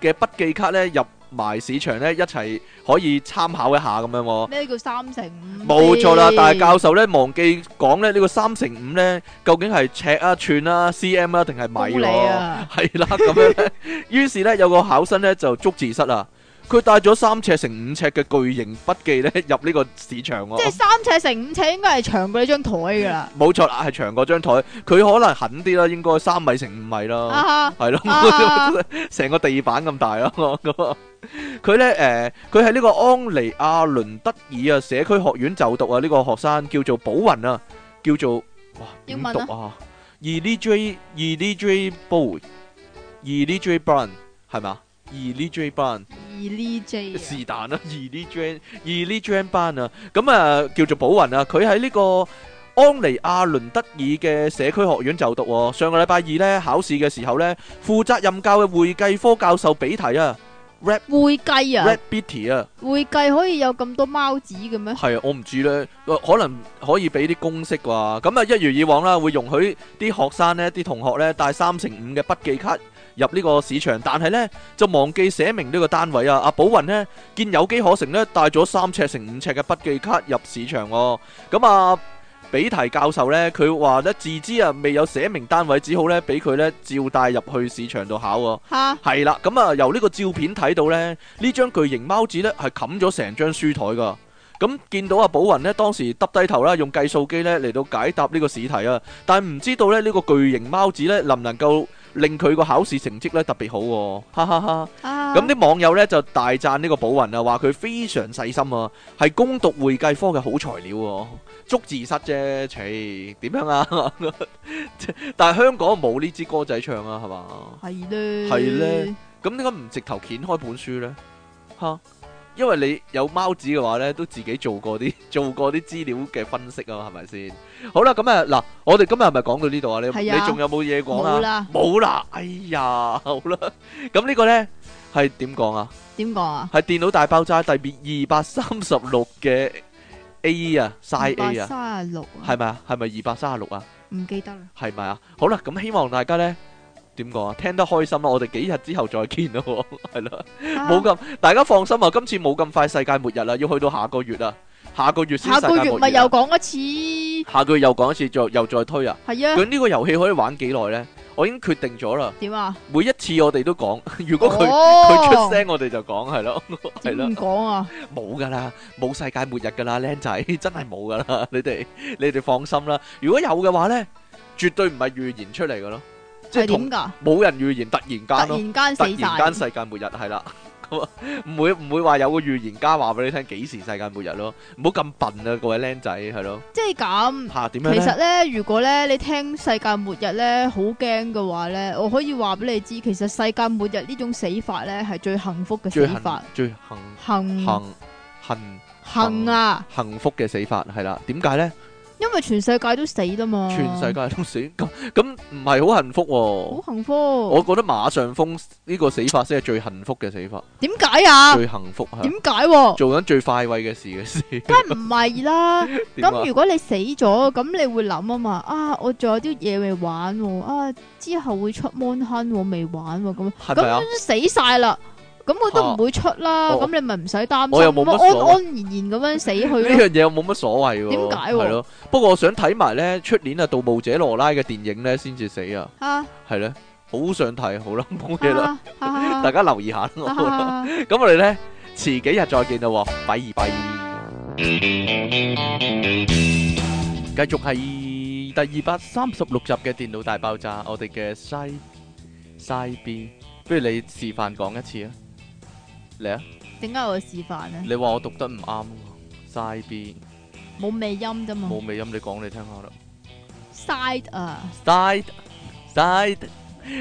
嘅筆記卡咧入埋市場咧一齊可以參考一下咁樣喎。咩叫三乘五？冇錯啦，但係教授咧忘記講咧呢、呢個三乘五咧，究竟係尺啊、寸啊啊啊啊啦、cm 啦定係米咯？係啦，咁樣。於是咧有個考生咧就捉字蝨啦。佢帶咗三尺乘五尺嘅巨型筆記咧入呢個市場喎。即係三尺乘五尺應該係長過呢張台㗎啦。冇、嗯、錯啦，係長過張台。佢可能狠啲啦，應該三米乘五米咯，係咯，成個地板咁大咯、啊。 佢咧，誒，佢喺呢個安尼阿倫德爾啊社區學院就讀啊。呢個學生叫做寶云啊，叫做哇，點讀啊。Elijah Elijah Bull，Elijah Brown 係咪？Elijah Brown，Elijah 是但啦，Elijah Elijah Brown 啊。咁啊，叫做寶云啊。佢喺呢個安尼阿倫德爾嘅社區學院就讀。上個禮拜二咧考試嘅時候咧，負責任教嘅會計科教授俾題啊。Red 會計啊 Red Betty、啊、會計可以有咁多貓紙嘅咩？係啊，我唔知咧、呃，可能可以俾啲公式啩、啊。咁啊，一如以往啦、啊，會容許啲學生呢、啲同學呢帶三乘五嘅筆記卡入呢個市場，但係呢，就忘記寫明呢個單位啊。阿寶雲呢，見有機可乘呢，帶咗三尺乘五尺嘅筆記卡入市場哦。咁啊。比提教授呢，佢話咧自知啊未有寫明單位呢，只好咧俾佢咧照帶入去市場度考喎、啊。吓係啦，咁啊、嗯、由呢個照片睇到咧，呢張巨型貓紙呢係冚咗成張書台噶。咁、嗯、見到阿寶雲呢當時耷低頭啦，用計數機呢嚟到解答呢個試題啊，但唔知道咧呢個巨型貓紙呢能唔能夠令佢個考試成績呢特別好、啊。哈哈哈、哈！咁啲、啊嗯、網友呢就大讚呢個寶雲啊，話佢非常細心啊，係攻讀會計科嘅好材料、啊。捉自殺啫，黐點樣啊？但係香港冇呢支歌仔唱啊，係嘛？係咧，係咧。咁點解唔直頭掀開本書咧？吓，因為你有貓紙嘅話咧，都自己做過啲做過啲資料嘅分析啊，係咪先？好啦，咁啊嗱，我哋今日係咪講到呢度啊？你你仲有冇嘢講啊？冇啦，冇啦。哎呀，好啦，咁呢個咧係點講啊？點講啊？係電腦大爆炸第二百三十六嘅。A E 啊，晒 A 啊，三十六啊，係咪啊？係咪二百三十六啊？唔記得啦。係咪啊？好啦，咁希望大家咧，點講啊？聽得開心啦，我哋幾日之後再見啦，係咯，冇咁，大家放心啊，今次冇咁快世界末日啦，要去到下個月啊，下個月先。下個月咪又講一次。下個月又講一次，再又再推啊。係啊。咁呢個遊戲可以玩幾耐咧？我已經決定咗啦。點啊？每一次我哋都講，如果佢佢、oh! 出聲，我哋就講係咯，係咯。點講啊？冇噶啦，冇世界末日噶啦，靚仔，真係冇噶啦。你哋你哋放心啦。如果有嘅話咧，絕對唔係預言出嚟噶咯，即係點噶？冇人預言，突然間，突然間，突然間世界末日係啦。唔 會唔會話有個預言家話俾你聽幾時世界末日咯，唔好咁笨啊，各位僆仔係咯，即係咁吓點樣？啊、樣呢其實咧，如果咧你，你聽世界末日咧好驚嘅話咧，我可以話俾你知，其實世界末日呢種死法咧係最幸福嘅死法，最幸幸幸幸啊，幸福嘅死法係啦，點解咧？因為全世界都死啊嘛，全世界都死咁咁唔係好幸福，啊，好幸福。啊，我覺得馬上風，呢個死法先係最幸福嘅死法。點解啊？最幸福，點解，啊？做緊最快慰嘅事嘅事，梗係唔係啦。咁 如果你死咗，咁，啊、你會諗啊嘛啊，我仲有啲嘢，未玩啊，啊，之後會出 mon 坑未玩咁，啊、咁，啊、死晒啦。咁我都唔會出啦，咁你咪唔使擔心，我又冇乜所謂，安安然然咁樣死去。呢樣嘢我冇乜所謂，點解？係咯。不過我想睇埋咧，出年啊《盜墓者羅拉》嘅電影咧，先至死啊。係咧，好想睇。好啦，冇嘢啦，大家留意下啦。咁我哋咧，遲幾日再見啦，拜拜。繼續係第二百三十六集嘅電腦大爆炸，我哋嘅 Side Side B，不如你示範講一次啊。嚟啊！點解我會示範呢？你話我讀得唔啱啊？side 冇尾音啫嘛？冇尾音，你講你聽下啦。side 啊，side，side。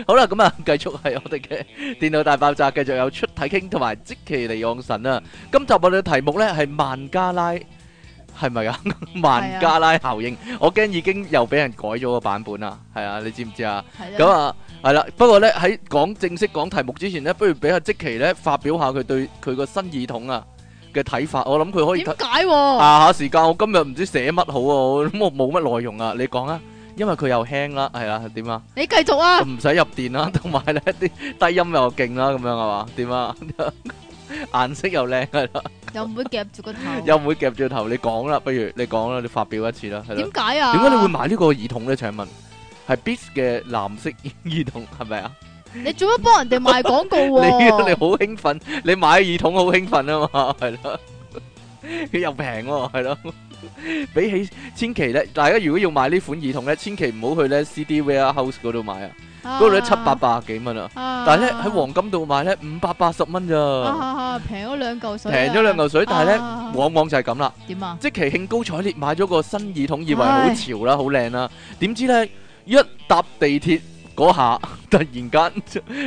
好啦，咁啊，繼續係我哋嘅電腦大爆炸，繼續有出體 king 同埋積淇離岸神啊。今集我哋嘅題目咧係孟加拉，係咪啊？孟加拉效應，我驚已經又俾人改咗個版本啊。係啊，你知唔知啊？係啊。咁啊。係啦，不過咧，喺講正式講題目之前咧，不如俾阿積淇咧發表下佢對佢個新耳筒啊嘅睇法。我諗佢可以點解？下、啊、時間我今日唔知寫乜好啊，我諗我冇乜內容啊。你講啊，因為佢又輕啦，係啊，點啊？你繼續啊！唔使入電啦，同埋咧啲低音又勁啦，咁樣係嘛？點啊？顏 色又靚啊！又唔會夾住個頭， 又唔會夾住頭。你講啦，不如你講啦，你發表一次啦。點解啊？點解你會買個呢個耳筒咧？請問？係 Bose 嘅藍色耳筒係咪啊？你做乜幫人哋賣廣告？你你好興奮，你買耳筒好興奮啊嘛，係啦，佢又平喎，係咯。比起千祈咧，大家如果要買呢款耳筒咧，千祈唔好去咧 CD Warehouse 嗰度買啊，嗰度七百八十幾蚊啊，但係咧喺黃金度買咧五百八十蚊咋，平咗兩嚿水，平咗兩嚿水，但係咧往往就係咁啦。點啊？即其興高采烈買咗個新耳筒，以為好潮啦，好靚啦，點知咧？一搭地鐵嗰下，突然間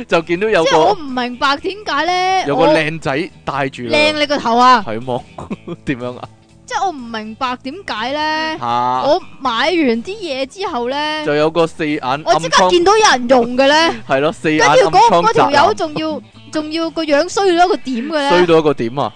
就見到有個，即係我唔明白點解咧，有個靚仔戴住靚你個頭啊，係麼？點樣啊？即係我唔明白點解咧？吓！我買完啲嘢之後咧，就有個四眼，我即刻見到有人用嘅咧，係咯四眼。跟住嗰嗰條友仲要仲要個樣衰到一個點嘅咧，衰到一個點啊！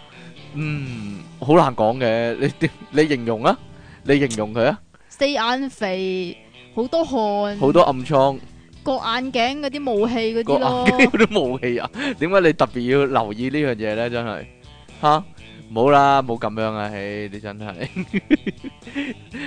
嗯，好難講嘅，你點你形容啊？你形容佢啊？四眼肥。好多汗，好多暗瘡，個眼鏡嗰啲武器。嗰啲咯，啲武器啊，點 解你特別要留意呢樣嘢咧？真係吓，冇啦，冇咁樣啊，嘿你真係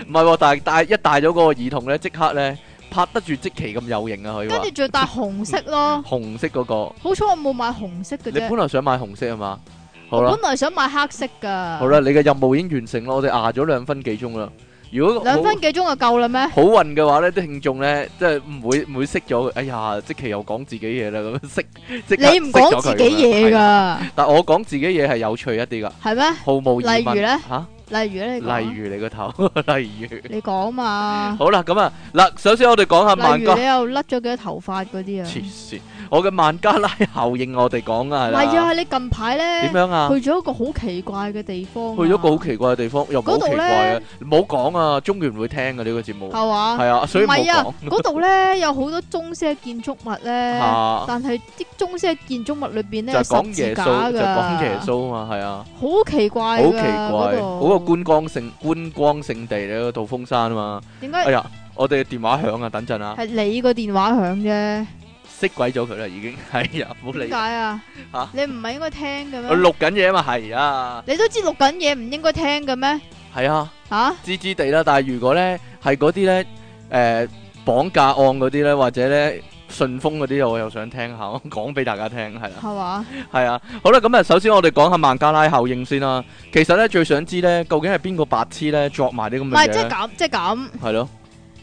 唔係，但係戴一戴咗個耳筒咧，即刻咧拍得住積淇咁有型啊，佢要跟住再戴紅色咯， 紅色嗰、那個，好彩我冇買紅色嘅，你本來想買紅色啊嘛，好啦，本來想買黑色噶，好啦，你嘅任務已經完成咯，我哋捱咗兩分幾鐘啦。如果兩分幾鐘就夠啦咩？好運嘅話咧，啲聽眾咧，即係唔會唔會熄咗，哎呀，即其又講自己嘢啦咁，識 即你唔講自己嘢噶，但我講自己嘢係有趣一啲噶，係咩嗎？毫無疑問。例如咧吓，啊、例如咧，例如你個頭，例如你講啊嘛。 好啦，咁啊嗱，首先我哋講下，例如你又甩咗幾多頭髮嗰啲啊。我嘅孟加拉效應，我哋講啊，係啦。唔係啊，係你近排咧點樣啊？去咗一個好奇怪嘅地方。去咗個好奇怪嘅地方，又好奇怪嘅。唔好講啊，中原會聽嘅呢個節目。係嘛？係啊，所以唔好講。唔係啊，嗰度咧有好多中式建築物咧，但係啲中式建築物裏邊咧就講耶穌，就講耶穌嘛，係啊。好奇怪㗎，嗰個嗰個觀光勝觀光聖地咧，道風山啊嘛。點解？哎呀，我哋嘅電話響啊，等陣啊。係你個電話響啫。識鬼咗佢啦，已經係、哎、呀，冇理。點解啊？吓，你唔係應該聽嘅咩？我錄緊嘢啊嘛，係啊。你都知錄緊嘢唔應該聽嘅咩？係啊，吓、啊。知知地啦，但係如果咧係嗰啲咧，誒、呃、綁架案嗰啲咧，或者咧順風嗰啲，我又想聽下，講俾大家聽，係啦、啊。係嘛吧？係啊，好啦，咁啊，首先我哋講下孟加拉效應先啦。其實咧最想知咧，究竟係邊個白痴咧作埋啲咁嘅嘢？唔係，即係咁，即係咁。係、就、咯、是。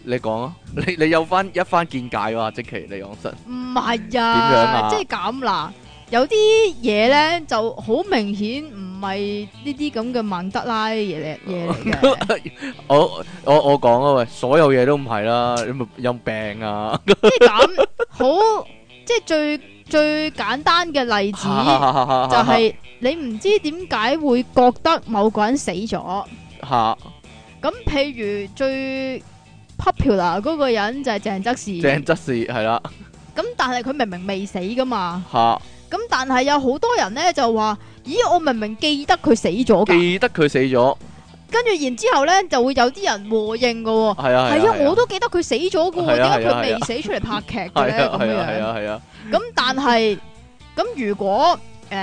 你講啊，你你有翻一番見解奇啊。即其你講實，唔係呀？點樣啊？即係咁嗱，有啲嘢咧就好明顯唔係呢啲咁嘅孟德拉嘢嘢嚟嘅。我我我講啊喂，所有嘢都唔係啦，你咪有病啊！ 即係咁好，即係最最簡單嘅例子， 就係你唔知點解會覺得某個人死咗。吓咁，譬如最。黑票啦，嗰個人就係鄭則仕。鄭則仕係啦。咁、啊、但係佢明明未死噶嘛。吓。咁但係有好多人咧就話，咦我明明記得佢死咗。記得佢死咗。跟住然之後咧就會有啲人和應噶。係 啊。係啊。啊啊、我都記得佢死咗噶，因、啊啊、為佢未死出嚟拍劇嘅咧咁係啊係啊。咁 但係，咁如果。誒，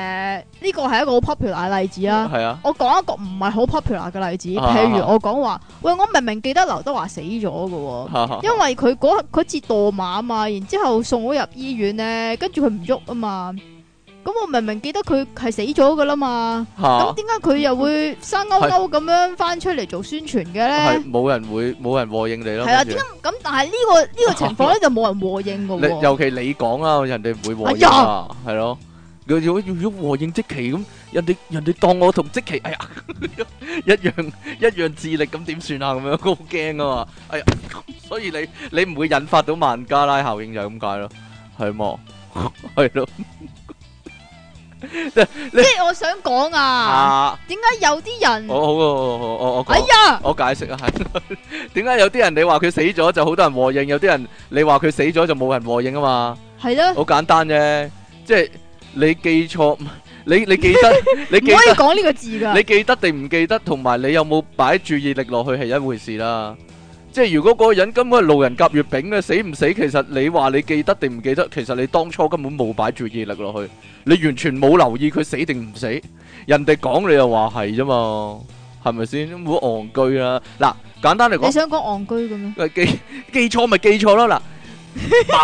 呢個係一個好 popular 嘅例子啦。係啊，嗯、啊我講一個唔係好 popular 嘅例子。譬、啊、如我講話，喂，我明明記得劉德華死咗噶，因為佢嗰次墮馬嘛，然之後送我入醫院咧，跟住佢唔喐啊嘛，咁我明明記得佢係死咗噶啦嘛，咁點解佢又會生勾勾咁樣翻出嚟做宣傳嘅咧？冇人會冇人和應你咯。係啦、啊，咁咁，但係呢、這個呢、這個情況咧就冇人和應嘅、啊。尤其你講啊，人哋唔會和應，係咯。哎呦如果要要和應積淇咁，人哋人哋當我同積淇哎呀一樣一樣智力咁點算啊？咁樣我好驚啊！哎呀，所以你你唔會引發到孟加拉效應就咁解咯，係嘛？係咯，即即我想講啊，點解有啲人我好，我我我哎呀，我解釋啊，點解有啲人你話佢死咗就好多人和應，有啲人你話佢死咗就冇人和應啊？嘛係咯，好簡單啫，即係。你記錯，你你記得，你可以講呢個字噶。你記得定唔記得，同埋你有冇擺注意力落去係一回事啦。即係如果嗰個人根本係路人甲、乙丙嘅死唔死，其實你話你記得定唔記得，其實你當初根本冇擺注意力落去，你完全冇留意佢死定唔死。人哋講你又話係啫嘛，係咪先？唔好戇居啦。嗱，簡單嚟講，你想講戇居嘅咩？記記錯咪記錯咯。嗱，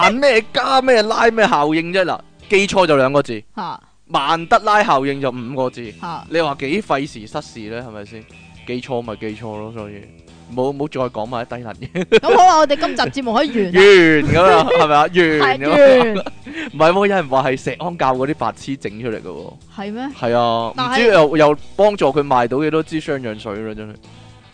扮咩加咩拉咩效應啫嗱。記錯就兩個字，哈、啊，曼德拉效應就五個字，哈、啊，你話幾費時失事咧，係咪先？記錯咪記錯咯，所以唔好唔好再講埋低能嘢。咁好啦， 我哋今集節目可以完、啊、完咁樣，係咪 啊？完，唔係，冇、 啊、有人話係石安教嗰啲白痴整出嚟噶喎。係咩嗎？係啊，唔是知又又幫助佢賣到幾多支雙氧水啦，真係。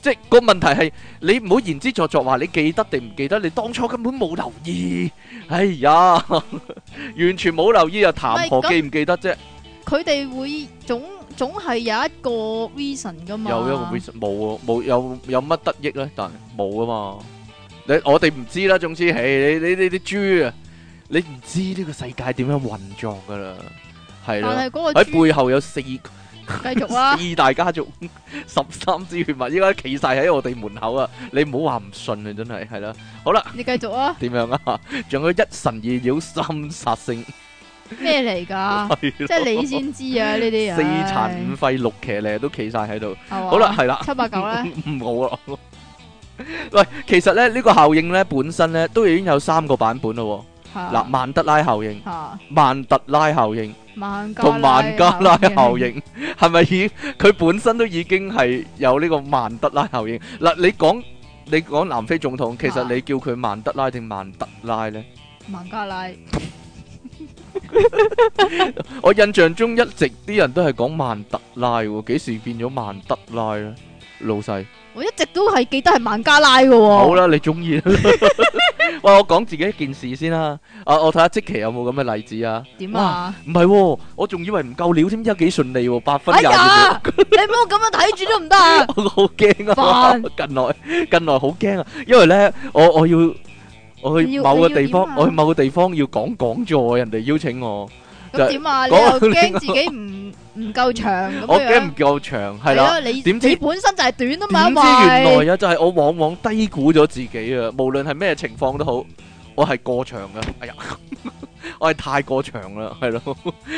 即係個問題係你唔好言之鑿鑿話你記得定唔記得，你當初根本冇留意，哎呀，完全冇留意啊！談何記唔記得啫？佢哋會總總係有一個 reason 噶嘛？有一個 reason，冇啊冇有有乜得益咧？但係冇啊嘛！你我哋唔知啦，總之誒你你你啲豬啊，你唔知呢個世界點樣運作㗎啦，係啦喺背後有四。繼續啊！ 四大家族十三支血脈依家企晒喺我哋門口啊！你唔好話唔信啊，真係係啦。好啦，你繼續啊。點樣啊？仲有一神二妖三殺星咩嚟噶？ 了即係你先知啊！呢啲啊。四殘五廢六騎呢都企晒喺度。Oh、好啦了，係啦。七八九咧？唔好啦。喂， 其實咧呢、這個效應咧本身咧都已經有三個版本咯。係。嗱，曼德拉效應。 曼特拉效應。同孟加拉效應係咪已佢本身都已經係有呢個曼德拉效應嗱？你講你講南非總統，其實你叫佢曼德拉定曼德拉呢？孟加拉，我印象中一直啲人都係講曼德拉，幾時變咗曼德拉呢，老細？我一直都係記得係孟加拉噶，好啦，你中意。喂，我講自己一件事先啦。啊，我睇下即期有冇咁嘅例子啊？點啊？唔係，我仲以為唔夠料，添知係幾順利，八分有。哎呀，你唔好咁樣睇住都唔得啊！我好驚啊！近來近來好驚啊，因為咧，我我要我去某個地方，我去某個地方要講講座，人哋邀請我，就點啊？你又驚自己唔。唔夠長， 我驚唔夠長，係啦的。點吧知？你本身就係短啊嘛。為知原來啊，就係、是、我往往低估咗自己啊。無論係咩情況都好，我係過長啊！哎呀， 我係太過長啦，係咯。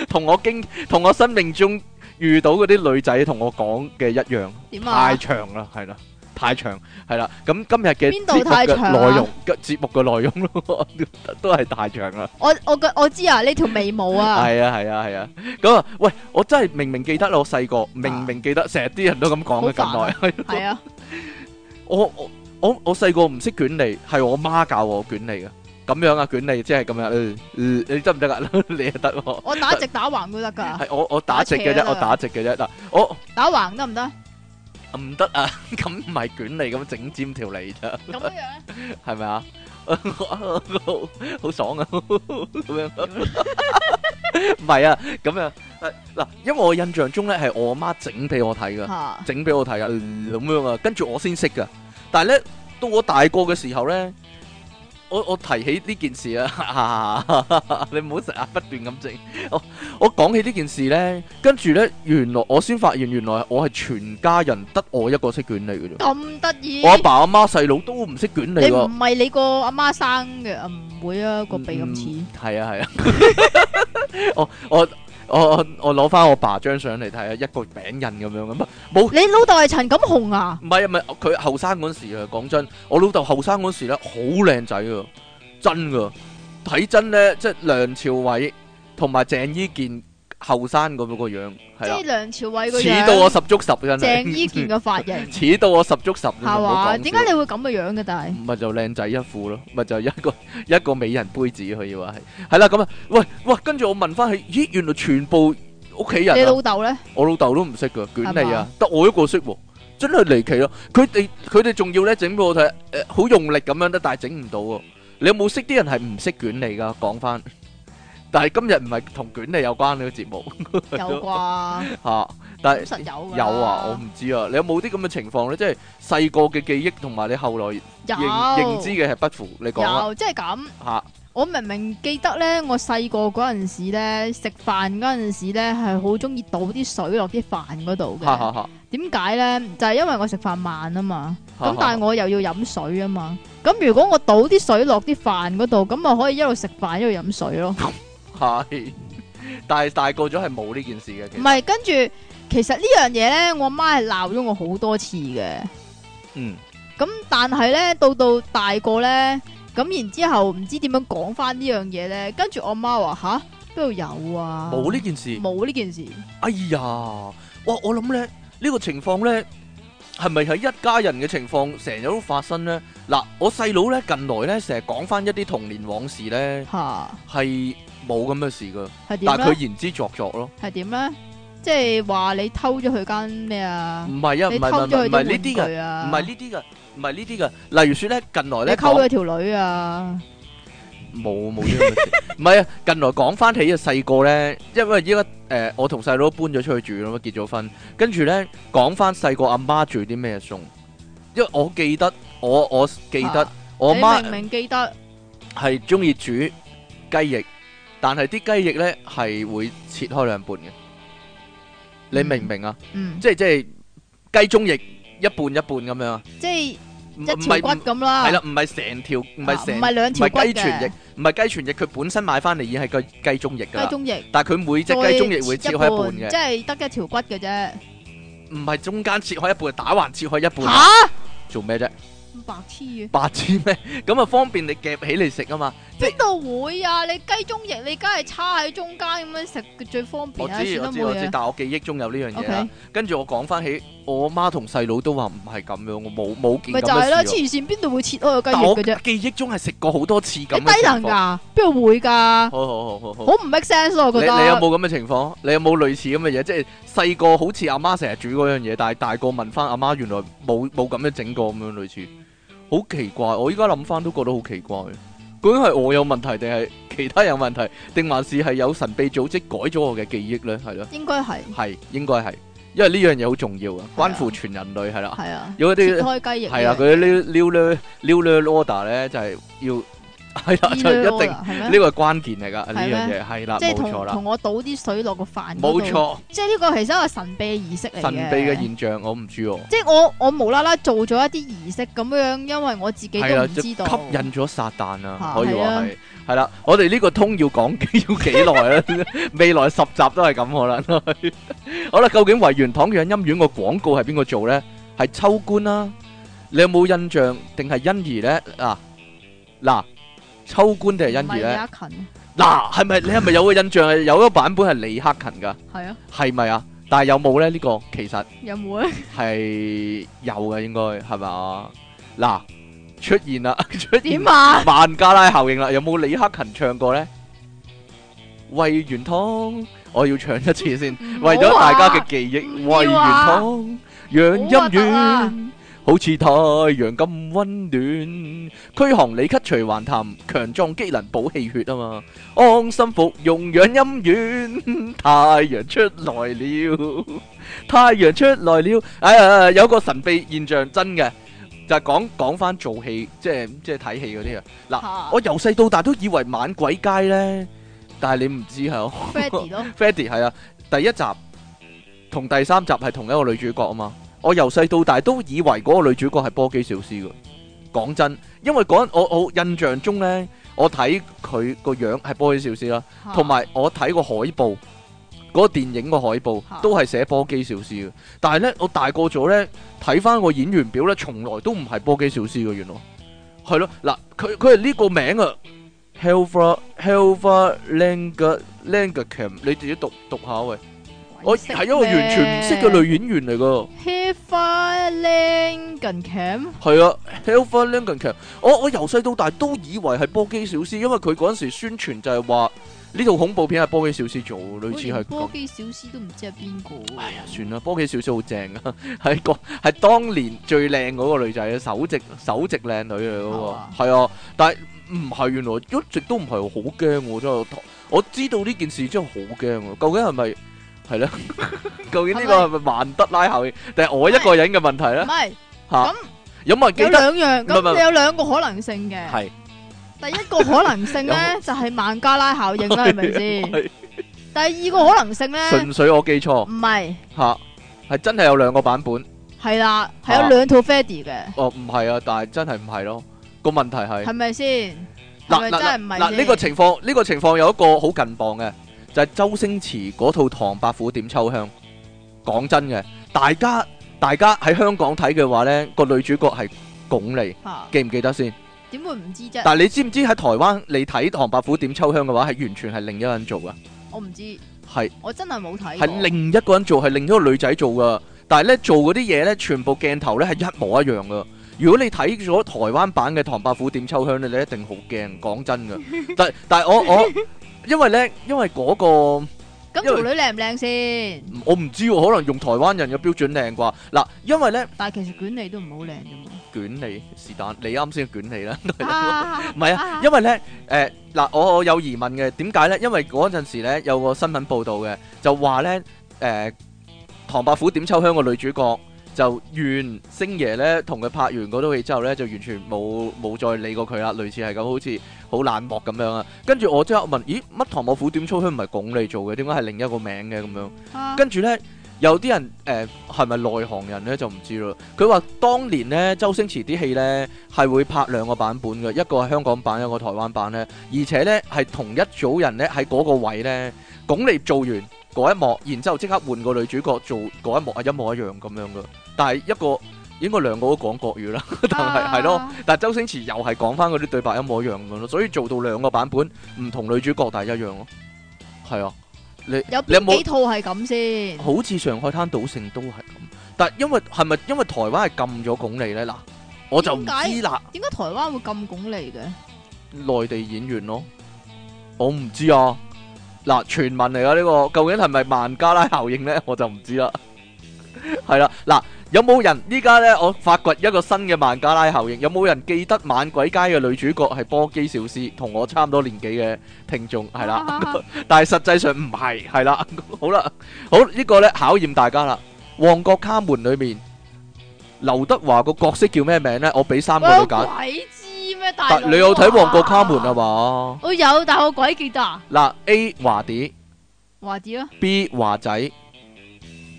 同 我經同我生命中遇到嗰啲女仔同我講嘅一樣，樣啊、太長啦，係啦。太長係啦，咁今日嘅呢個內容嘅節目嘅內容咯，都係太長啦。我我嘅我知啊，呢條眉毛啊。係啊係啊係啊，咁啊喂，我真係明明記得啦，我細個，明明記得成日啲人都咁講嘅咁耐。係啊，我我我我細個唔識捲脷，係我媽教我捲脷嘅。咁樣啊，捲脷即係咁樣，嗯嗯，你得唔得噶？你就得。我打直打橫都得噶。係我我打直嘅啫，我打直嘅啫嗱，我打橫得唔得？唔得啊！咁唔係捲嚟，咁整尖條脷咋？咁樣？係咪啊？好爽啊！唔係啊，咁樣嗱，因為我印象中咧係我阿媽整俾我睇噶，整俾我睇噶，咁樣啊，跟住我先識噶。但係咧，到我大個嘅時候咧。我我提起呢件事啊，哈哈，你唔好成日不斷咁整。我我講起呢件事咧，跟住咧，原來我先發現，原來我係全家人得我一個識捲脷嘅啫。咁得意！我阿爸阿媽細佬都唔識捲脷。你唔係你個阿媽生嘅？唔會啊，個鼻咁似。係啊係啊。我我。我我攞翻我爸張相嚟睇下，一個餅印咁樣嘅，唔冇。你老豆係陳錦洪啊？唔係啊，唔係佢後生嗰時啊，講真，我老豆後生嗰時咧好靚仔嘅，真嘅，睇真咧即係梁朝偉同埋鄭伊健。後生咁個樣，即係梁朝偉個樣，似到我十足十。鄭伊健個髮型，似到我十足十。係嘛？點解你會咁嘅樣嘅？但係唔係就靚仔一副咯？咪就一個一個美人胚子，可以話係。係啦，咁啊，喂喂，跟住我問翻係，咦？原來全部屋企人，你老豆咧？我老豆都唔識噶捲脷啊，得我一個識，真係離奇咯。佢哋佢哋仲要咧整俾我睇，誒，好用力咁樣，但係整唔到喎。你有冇識啲人係唔識捲脷噶？講翻。但係今日唔係同捲脷有關嘅節目，有啩嚇？但係實有啊，我唔知啊。你有冇啲咁嘅情況咧？即係細個嘅記憶同埋你後來認認知嘅係不符，你講啊？有即係咁嚇。我明明記得咧，我細個嗰陣時咧食飯嗰陣時咧係好鍾意倒啲水落啲飯嗰度嘅。嚇嚇嚇！點解咧？就係因為我食飯慢啊嘛。咁但係我又要飲水啊嘛。咁如果我倒啲水落啲飯嗰度，咁我可以一路食飯一路飲水咯。係，但係大個咗係冇呢件事嘅。唔係，跟住其實呢樣嘢咧，我媽係鬧咗我好多次嘅。嗯，咁但係咧，到到大個咧，咁然之後唔知點樣講翻呢樣嘢咧，跟住我媽話吓，邊度有啊？冇呢件事，冇呢件事。哎呀，哇！我諗咧，呢個情況咧，係咪喺一家人嘅情況成日都發生咧？嗱，我細佬咧近來咧成日講翻一啲童年往事咧，係。冇咁嘅事噶，但係佢言之鑿鑿咯。係點咧？即係話你偷咗佢間咩啊？唔係啊，唔係呢啲噶，唔係呢啲噶，唔係呢啲噶。例如說咧，近來咧，你偷咗條女啊？冇冇嘢，唔係啊！近來講翻起啊，細個咧，因為依家誒，我同細佬搬咗出去住啦嘛，結咗婚，跟住咧講翻細個阿媽煮啲咩餸，因為我記得我我記得、啊、我媽媽明明記得係中意煮雞翼。但係啲雞翼咧係會切開兩半嘅，你明唔明啊？即係即係雞中翼一半一半咁樣，即係一條骨咁啦。係啦，唔係成條，唔係成，唔係兩條骨嘅。唔係雞全翼，唔係雞全翼，佢本身買翻嚟已經係個雞中翼噶啦。雞中翼，但係佢每隻雞中翼會切開一半嘅，即係得一條骨嘅啫。唔係中間切開一半，打橫切開一半。嚇？做咩啫？白痴嘅。白痴咩？咁啊方便你夾起嚟食啊嘛。邊度會啊？你雞中翼你梗係叉喺中間咁樣食最方便，啊我我。我知我知但係我記憶中有呢樣嘢。跟住 Okay. 我講翻起，我媽同細佬都話唔係咁樣，我冇冇見。咪就係咯，黐線，邊度會切開個雞翼嘅啫？記憶中係食過好多次咁，啊。你，啊欸，低能噶，啊？邊度會噶？好好好好好，好唔 make sense，啊，我覺得。你你有冇咁嘅情況？你有冇類似咁嘅嘢？即係細個好似阿媽成日煮嗰樣嘢，但係大個問翻阿媽，原來冇冇咁樣整過咁樣類似，好奇怪。我依家諗翻都覺得好奇怪。究竟係我有問題定係其他有問題，定還是係有神秘組織改咗我嘅記憶咧？係咯，應該係，係應該係，因為呢樣嘢好重要啊，關乎全人類係啦。係啊，有一啲開雞翼，係啊，佢呢呢呢呢 order 咧就係要。係啦， 嗯、一定呢個係關鍵嚟噶呢樣嘢，係啦嗎，啊、即係同同我倒啲水落個飯冇錯。錯即係呢個其實係一個神秘儀式嚟，神秘嘅現象，我唔知哦。即係我我無啦啦做咗一啲儀式咁樣，因為我自己都唔知道。啊、吸引咗撒旦啊，啊可以話係係啦。我哋呢個通要講要幾耐啊？ 未來十集都係咁可能。 好啦，究竟位元堂養陰院個廣告係邊個做咧？係秋官啦、啊，你有冇印象？定係欣宜咧？嗱、啊、嗱。啊啊啊啊啊啊啊秋官定係欣怡咧怡呢李克勤嗱，係咪你係咪有個印象係 有一個版本係李克勤噶？係是啊，係咪啊？但係有冇咧？呢、這個其實有冇係有嘅、啊，有應該係咪？嗱，出現啦，出現，出現啊！孟加拉效應啦，有冇李克勤唱過咧？喂，圓通，我要唱一次先，別說 為咗大家嘅記憶。喂別說，圓通別說，養音軟。好似太陽咁溫暖，驅寒理咳除痰，強壯機能補氣血啊嘛！安心服用養陰丸。太陽出來了，太陽出來了！哎呀，有個神秘現象真嘅，就係講講翻做戲，即係即係睇戲嗰啲啊！嗱，我由細到大都以為《猛鬼街》咧，但係你唔知係哦，Freddy 都 Freddy 係啊，第一集同第三集係同一個女主角啊嘛。我由細到大都以為嗰個女主角係波姬小絲嘅，講真，因為嗰我我印象中咧，我睇佢個樣係波姬小絲啦，同埋、啊、我睇個海報，嗰、嗰個電影個海報、啊、都係寫波姬小絲嘅，但係咧我大個咗咧睇翻個演員表咧，從來都唔係波姬小絲嘅，原來係咯，嗱，佢佢係呢個名啊，Heather Heather Lang Langenkamp，你自己讀讀下喂。我係一個完全唔識嘅女演員嚟噶，Heather Langenkamp 係啊，Heather Langenkamp、oh, 我我由細到大都以為係波姬小絲，因為佢嗰陣時宣傳就係話呢套恐怖片係波姬小絲做，類似係波姬小絲都唔知係邊個。哎呀，算啦，波姬小絲好正啊，係 個係當年最靚嗰個女仔，首席首席靚女嚟嗰、那個，係啊，啊，啊，但係唔係原來一直都唔係好驚，我真係，我知道呢件事真係好驚啊，究竟係咪？係咯，究竟呢個係咪曼德拉效應？定係我一個人嘅問題咧？唔係，咁有冇人記得有兩樣？咁你有兩個可能性嘅。係，第一個可能性咧就係孟加拉效應啦，係咪先？第二個可能性咧？純粹我記錯？唔係，吓係真係有兩個版本。係啦，係有兩套 Freddy 嘅。哦，唔係啊，但係真係唔係咯，個問題係係咪先？嗱嗱嗱，嗱呢個情況呢個情況有一個好近磅嘅。就係周星馳嗰套《唐伯虎點秋香》，講真嘅，大家大家喺香港睇嘅話呢，個女主角係鞏俐，記唔記得先？點會唔知啫？但係你知唔知喺台灣你睇《唐伯虎點秋香》嘅話，係完全係另一個人做噶？我唔知，係我真係冇睇。係另一個人做，係另一個女仔做噶。但係呢做嗰啲嘢呢，全部鏡頭呢係一模一樣噶。如果你睇咗台灣版嘅《唐伯虎點秋香》，呢你一定好驚。講真噶，但但係我我。因為咧，因為嗰個咁條女靚唔靚先？我唔知喎，可能用台灣人嘅標準靚啩。嗱，因為咧，但係其實卷你都唔好靚啫嘛。卷你是但，你啱先嘅卷你啦，都係啦。唔係啊，因為咧，誒，嗱，我我有疑問嘅，點解咧？因為嗰陣時咧有個新聞報道嘅，就話咧，誒，唐伯虎點秋香個女主角。就怨星爺咧，同佢拍完嗰套戲之後咧，就完全冇冇再理過佢啦，類似係咁，好似好冷漠咁樣啊。跟住我之後問：咦，乜《唐伯虎點秋香》唔係鞏俐做嘅？點解係另一個名嘅咁樣？跟住咧，有啲人誒係咪內行人咧就唔知啦。佢話當年咧，周星馳啲戲咧係會拍兩個版本嘅，一個係香港版，一個台灣版咧，而且咧係同一組人咧喺嗰個位咧，鞏俐做完。嗰一幕，然之後即刻換個女主角做嗰一幕，係一模一樣咁樣嘅。但係一個應該兩個都講國語啦，但係係咯。但係周星馳又係講返嗰啲對白一模一樣嘅咯，所以做到兩個版本唔同女主角但係一樣咯。係啊，你有有冇幾套係咁先？好似上海灘、賭聖都係咁，但係因為係咪因為台灣係禁咗鞏俐呢？嗱，我就唔知啦。點解台灣會禁鞏俐嘅？內地演員咯，我唔知啊。嗱，傳聞嚟噶呢個，究竟係咪孟加拉效應咧？我就唔知啦。係啦，嗱，有冇人依家咧？我發掘一個新嘅孟加拉效應，有冇人記得《猛鬼街》嘅女主角係波姬小絲，同我差唔多年紀嘅聽眾係啦。但係實際上唔係，係啦。好啦，好呢個咧，考驗大家啦，《旺角卡門》裏面劉德華個角色叫咩名咧？我俾三個你揀。你有睇《旺角卡門》啊？嘛，我有，但係我鬼記得。嗱，A 華碟，華碟咯。B 華仔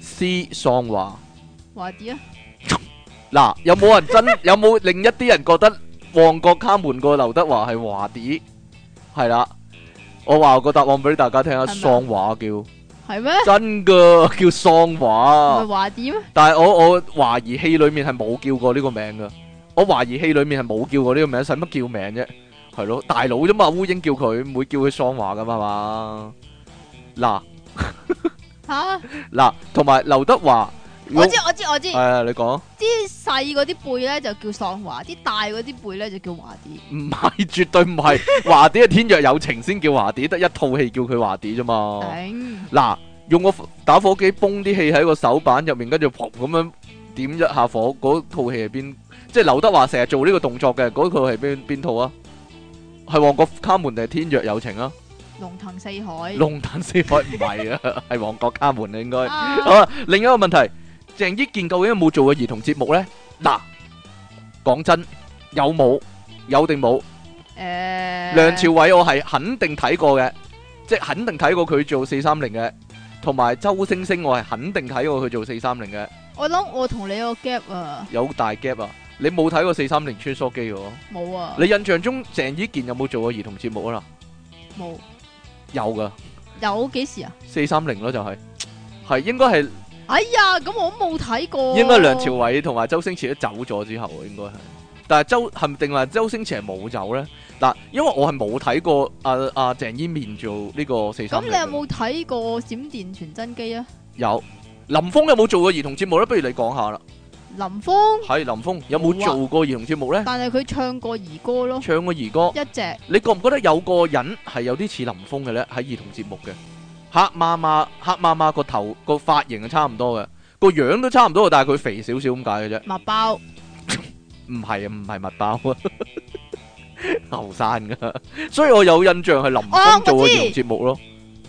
，C 喪華，華碟咯。嗱，有冇人真？有冇另一啲人覺得《旺角卡門》個劉德華係華碟？係啦，我話個答案俾大家聽下，喪華叫係咩？真噶叫喪華，唔係華碟咩？但係我我懷疑戲裏面係冇叫過呢個名噶。我懷疑戲裏面係冇叫過呢個名，使乜叫名啫？係咯，大佬啫嘛，烏蠅叫佢，唔會叫佢喪華噶嘛嘛。嗱吓，嗱同埋劉德華，我知我知我知。係、哎、你講啲細嗰啲背咧就叫喪華，啲大嗰啲背咧就叫華弟。唔係，絕對唔係，華弟係《天若有情》先叫華弟，得一套戲叫佢華弟啫嘛。嗱、嗯，用個打火機崩啲氣喺個手板入面，跟住撲咁樣點一下火，嗰套戲係邊？即係劉德華成日做呢個動作嘅，嗰套係邊邊套啊？係《旺角卡門》定係《天若有情》啊？龍騰四海。龍騰四海唔係啊，係《旺角卡門》啊，應該好啦。另一個問題，鄭伊健究竟有冇做過兒童節目咧？嗱，講真，有冇？有定冇？誒。梁朝偉我係肯定睇過嘅，即係肯定睇過佢做四三零嘅，同埋周星星我係肯定睇過佢做四三零嘅。我諗我同你個 gap 啊，有大 gap 啊。你冇睇過四三零穿梭機嘅？冇啊！你印象中鄭伊健有冇做過兒童節目有的啊？啦、就是，冇。有噶。有幾時啊？四三零咯，就係，係應該係。哎呀，咁我冇睇過。應該梁朝偉同埋周星馳都走咗之後，應該係。但係周係咪定話周星馳係冇走咧？嗱，因為我係冇睇過阿阿鄭伊健做呢個四三零。咁你有冇睇過《閃電傳真機》啊？有，有，有。林峰有冇做過兒童節目咧？不如你講下啦。林峰係林峰，有冇做過兒童節目咧？但係佢唱過兒歌咯，唱過兒歌一隻直。你覺唔覺得有個人係有啲似林峰嘅咧？喺兒童節目嘅黑媽媽，黑媽媽個頭個髮型係差唔多嘅，個樣都差唔多，但係佢肥少少咁解嘅啫。麥包唔係 啊，唔係麥包啊，劉 山噶。所以我有印象係林峰、哦、做過兒童節目咯。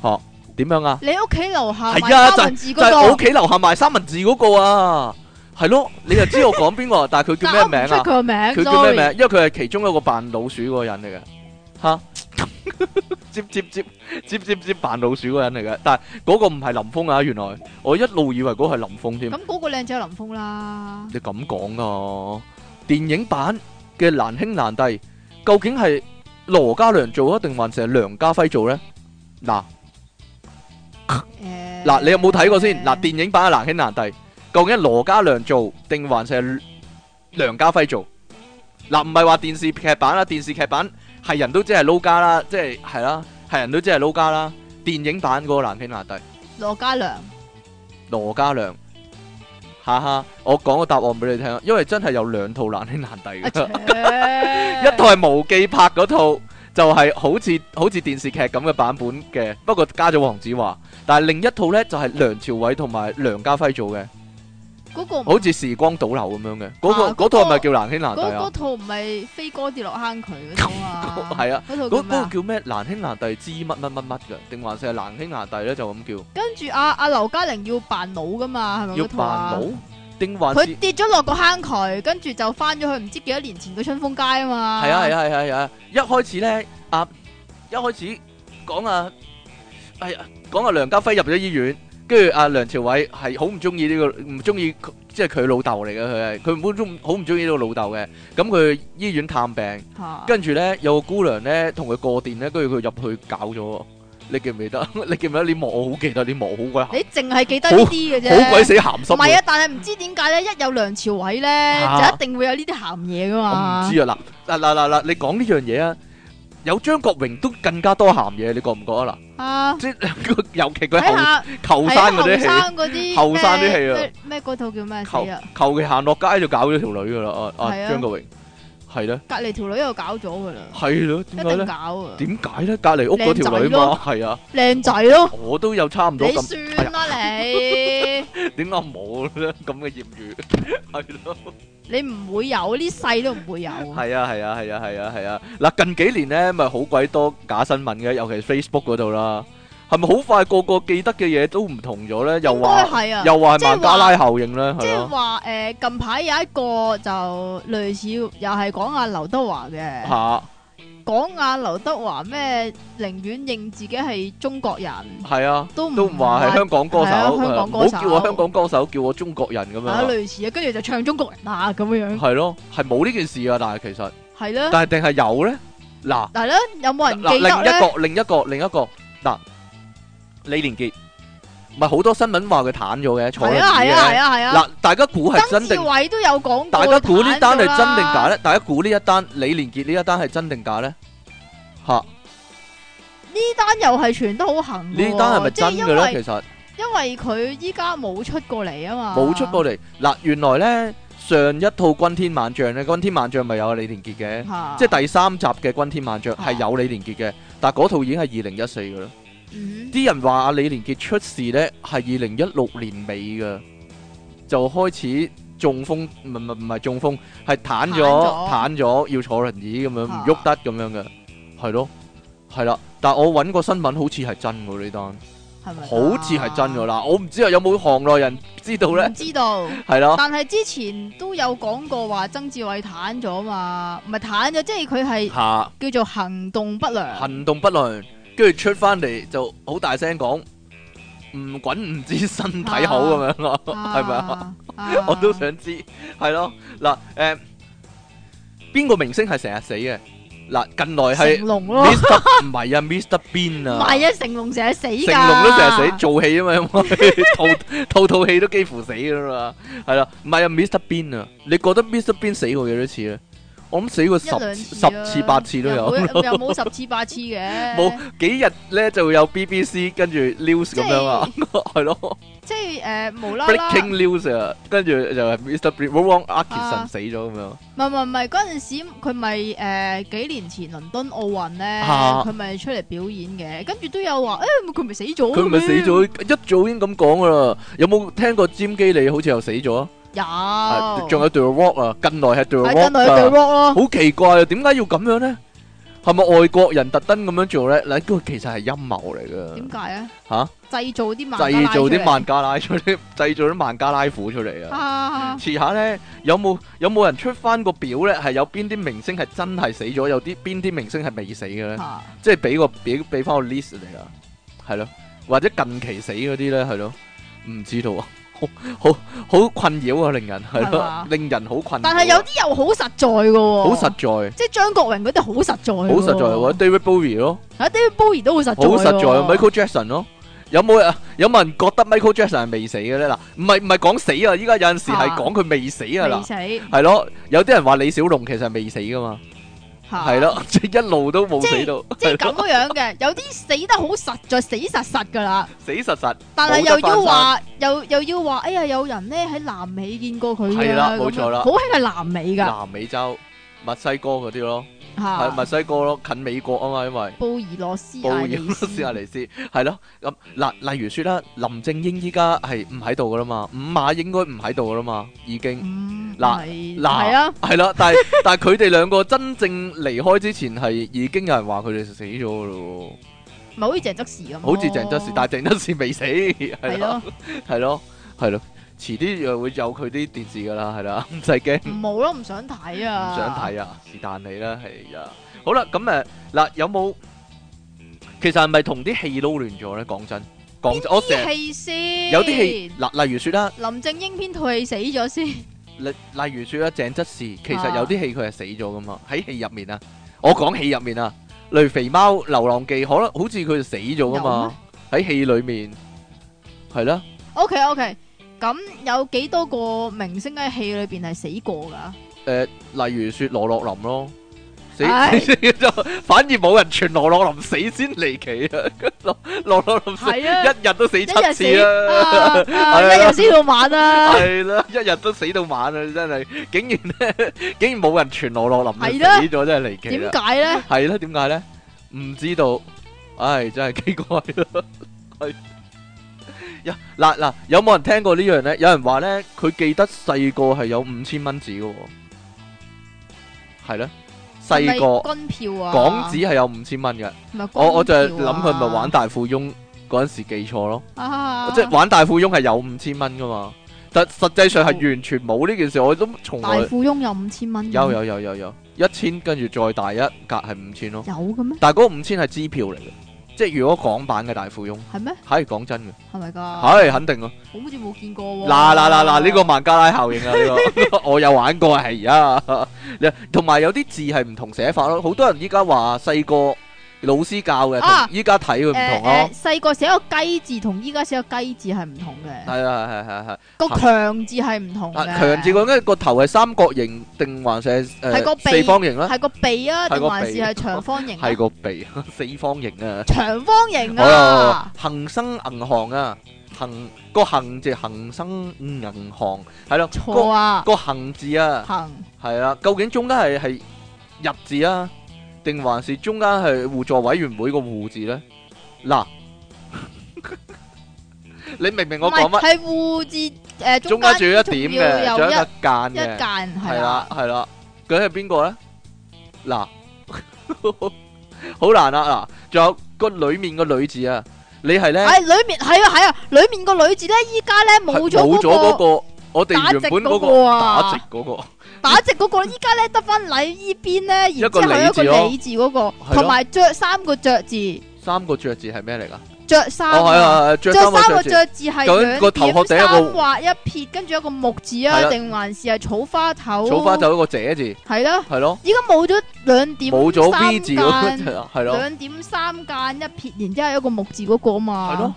哦，點、啊、樣啊？你屋企樓下係啊，就係、就係、我屋企樓下賣三文治嗰個啊！ 係咯，你又知我講邊個，但係佢叫咩名啊？佢叫咩名？因為佢係其中一個扮老鼠嗰個人嚟嘅，吓接接接接接接扮老鼠嗰個人嚟嘅，但係嗰個唔係林峰啊！原來我一路以為嗰個係林峰添。咁嗰個靚仔林峰啦。你咁講啊？電影版嘅難兄難弟，究竟係羅嘉良做啊，定還是係梁家輝做咧？嗱嗱，你有冇睇過先？嗱，電影版嘅難兄難弟。究竟羅家良做定還是係梁家輝做？嗱，唔係話電視劇版啦，電視劇版係人都知係撈家啦，即係係啦，係人都知係撈家啦。電影版嗰個《難兄難弟》，羅家良，羅家良，哈哈！我講個答案俾你聽，因為真係有兩套《難兄難弟》嘅，一套係無記拍嗰套，就係好似好似電視劇咁嘅版本嘅，不過加咗黃子華。但係另一套呢就係梁朝偉同埋梁家輝做嘅。嗰個好似時光倒流咁樣嘅，嗰個嗰套係咪叫《難兄難弟》啊？嗰套唔係飛哥跌落坑渠嗰套啊？係啊，嗰個叫咩？《難兄難弟》之乜乜乜乜嘅，定還是係《難兄難弟》咧？就咁叫。跟住阿阿劉嘉玲要扮老噶嘛？係咪嗰套啊？要扮老，定還是佢跌咗落個坑渠，跟住就翻咗去唔知幾多年前嘅春風街啊嘛？係啊係啊係啊係啊！一開始咧，啊一開始講啊，哎呀講啊梁家輝入咗醫院。跟住阿梁朝偉係好唔中意呢個唔中意即係佢老豆嚟嘅佢係佢好唔中好唔中意呢個老豆嘅，咁佢去醫院探病，跟住咧有個姑娘咧同佢過電咧，跟住佢入去搞咗，你記唔記， 記，記得？你記唔記得你望我好記得你望我好，已好鬼鹹。你淨係記得呢啲嘅啫，好鬼死鹹心。唔係啊，但係唔知點解咧，一有梁朝偉咧就一定會有呢啲鹹嘢噶嘛。我唔知啊，嗱嗱嗱嗱，你講呢樣嘢啊。有張國榮都更加多鹹嘢，你覺唔覺得？嗱，uh，即係尤其佢後後生嗰啲戲，後生啲，後生啲戲啊！咩嗰套叫咩？求求其行落街就搞咗條女噶啦！啊啊張國榮。係咧，隔籬條女又搞咗噶啦。係咯，點解搞啊？點解咧？隔籬屋嗰條女嘛，係啊，靚仔咯。我都有差唔多咁。算啦，你。點解冇咧？咁嘅艷遇，係咯？你唔會有，呢世都唔會有。係啊，係啊，係啊，係啊，係啊。嗱，近幾年咧，咪好鬼多假新聞嘅，尤其係 Facebook 嗰度啦。係咪好快個個記得嘅嘢都唔同咗咧？又話又話係孟加拉效應咧？係咯，即係話誒，近排有一個就類似，又係講阿劉德華嘅，講阿劉德華咩寧願認自己係中國人，係啊，都都唔話係香港歌手，唔好叫我香港歌手，叫我中國人咁樣，啊，類似啊，跟住就唱中國人啊咁樣，係咯，係冇呢件事啊，但係其實係咧，但係定係有咧？嗱嗱咧，有冇人記得咧？另一個另一個另一個嗱。李連傑，唔係好多新聞話佢癱咗嘅坐喺度嘅。嗱、係啊係啊係啊係啊，大家估係真定位都有講過。大家估呢單係真定假咧？啊、大家估呢一單李連傑呢一單係真定假咧？吓，呢單又係傳得好狠。呢單係咪真嘅咧？其實因為佢依家冇出過嚟啊嘛，冇出過嚟。嗱，原來咧上一套軍《轟天猛將》咧，《轟天猛將》咪有李連傑嘅，喊即係第三集嘅《轟天猛將》係有李連傑嘅，喊但係嗰套已經係二零一四嘅啦。啲、嗯、人話阿李連杰出事咧，係二零一六年尾嘅，就開始中風，唔唔唔係中風，係癱咗癱咗，要坐輪椅咁樣，唔喐、啊、得咁樣嘅，係咯，係啦。但係我搵個新聞好似係真嘅呢單，係咪、啊？好似係真嘅啦，我唔知啊，有冇行內人知道咧？知道係啦。 咯但係之前都有講過話曾志偉癱咗嘛，唔係癱咗，即係佢係叫做行動不良，行動不良。跟住出翻嚟就好大聲講，唔滾唔知身體好咁樣咯，係咪啊？我都想知，係 咯。嗱，誒，邊、嗯、個明星係成日死嘅？嗱，近來係成龍咯。唔係啊，Mr. 邊 Mr. Bean 啊，唔係啊，啊，成龍成日死，成龍都成日死做戲啊嘛，套套套戲都幾乎死噶啦、啊，係啦。唔係啊，Mr. Bean 啊，你覺得 Mr. Bean 死過幾多次咧？我諗死過十次，十次八次都有咯，又冇十次八次嘅。冇 幾日咧就有 B B C 跟住 news 咁樣無無，啊，係咯。即係誒無啦啦 breaking news 啊，跟住就係 Mr. Rowan Atkinson 死咗咁樣。唔係唔係唔係，嗰陣時佢咪誒幾年前倫敦奧運咧，佢咪、啊、出嚟表演嘅，跟住都有話誒，佢、欸、咪死咗。佢咪死咗，一早已經咁講噶啦。有冇聽過詹基利好似又死咗？有，仲有對 walk 啊，近來係對 walk 啊，好奇怪啊，點解要咁樣呢？係咪外國人特登咁樣做呢？嗱，呢個其實係陰謀嚟噶。點解啊？吓，製造啲孟，製造啲孟加拉出，製造啲孟加拉虎出嚟啊！遲、啊、下呢，有冇有冇人出翻個表呢？係有邊啲明星係真係死咗？有啲邊啲明星係未死嘅呢？啊、即係俾個表，俾翻個 list 嚟啦，係咯，或者近期死嗰啲呢？係咯，唔知道啊。好好困擾啊，令人係咯，令人好困。但係有啲又好實在嘅喎。好實在，即係張國榮嗰啲好實在。好實在，或者 David Bowie 咯，啊 David Bowie 都好實在。好實在，Michael Jackson 咯。有冇人有冇人覺得 Michael Jackson 係未死嘅咧？嗱，唔係唔係講死啊！依家有陣時係講佢未死啊！嗱，係咯，有啲人話李小龍其實係未死㗎嘛。係咯，啊、 即係一路都冇死到，即係咁樣嘅。 有啲死得好實在，死實實噶啦， 死實實。但係又要話，又又要話，哎呀，有人咧喺南美見過佢，啊。係啦了，冇錯啦，錯好興係南美噶。南美洲，墨西哥嗰啲咯。係墨西哥咯，近美國啊嘛，因為。布宜諾斯布宜諾斯亞尼斯係咯，咁嗱，例如說啦，林正英依家係唔喺度噶啦嘛，五馬應該唔喺度噶啦嘛，已經。嗱嗱啊，係啦，但係但係佢哋兩個真正離開之前係已經有人話佢哋死咗噶咯。唔係好似鄭則仕咁。好似鄭則仕，但鄭則仕未死。係咯係咯係咯。遲啲又會有佢啲電視㗎啦，係啦，唔使驚。冇咯，唔想睇啊！唔想睇啊！是但你啦，係啊。好啦，咁誒嗱，有冇其實係咪同啲戲撈亂咗咧？講真，講我成有啲戲嗱，例如説啦，林正英片套戲死咗先。例例如説啦，鄭則仕其實有啲戲佢係死咗噶嘛，喺戲入面啊。我講戲入面啊，例如《肥貓流浪記》，可能好似佢就死咗噶嘛，喺戲裡面係啦。O K O K。咁有幾多個明星喺戲裏邊係死過噶？誒，例如説羅樂林咯，死死咗，反而冇人傳羅樂林死先離奇啊！羅羅樂林死啊，一日都死七次啊，一日死到晚啊！係啦，一日都死到晚啊！真係，竟然咧，竟然冇人傳羅樂林死咗，真係離奇。點解咧？係啦，點解咧？唔知道，唉真係奇怪啦，係。嗱嗱、yeah,，有冇人聽過呢樣呢？有人話呢，佢記得細個係有五千蚊紙嘅，係咧細個港紙係有五千蚊嘅、啊。我我就係諗佢咪玩大富翁嗰陣時記錯咯。啊啊、即係玩大富翁係有五千蚊噶嘛，但實際上係完全冇呢件事，哇我都從來。大富翁有五千蚊。有有有有有,有一千，跟住再大一格係五千咯。有嘅咩？但係嗰五千係支票嚟嘅。即係如果港版嘅大富翁係咩？係講嗎真嘅，係咪㗎？係肯定咯，我好似冇見過喎，哦。嗱嗱嗱嗱，呢、呢個孟加拉效應啊，呢、 呢個我有玩過係而家！ 同埋有啲字係唔同寫法咯，好多人依家話細個。老師教嘅，依家睇會唔同咯、啊。細、啊啊啊啊、個寫個雞字同依家寫個雞字係唔同嘅。係啊係係係係。個強字係唔同嘅。強字個咩個頭係三角形定還是誒、呃、四方形咧？係個鼻啊，定還是係長方形？係個鼻，四方形啊。長方形啊。恒生銀行啊，恒個恒字恒生銀行係咯。哦、錯啊。個恒字啊。恒。係啊行，究竟中間係係日字啊？定還是中間係互助委員會個互字咧？嗱，你明唔明我講乜係互字誒？中間仲要一點嘅，仲要有一間嘅，係啦，係啦，咁係邊個咧？嗱，好難啊！嗱，仲有個裏面個女字啊？你係咧？係裏面係啊係啊，裏面個女字咧，依家咧冇咗冇咗嗰個，我哋原本嗰個打直嗰個。打直嗰個，依家咧得翻禮依邊咧，然之後一個禮字嗰個，同埋着三個着字。三個着字係咩嚟噶？着衫，着三個着字係兩撇三畫一撇，跟住一個木字啊，定還是係草花頭？草花頭一個者字係咯，係咯。依家冇咗兩點三間，係咯。兩點三間一撇，然之後一個木字嗰個嘛，係咯。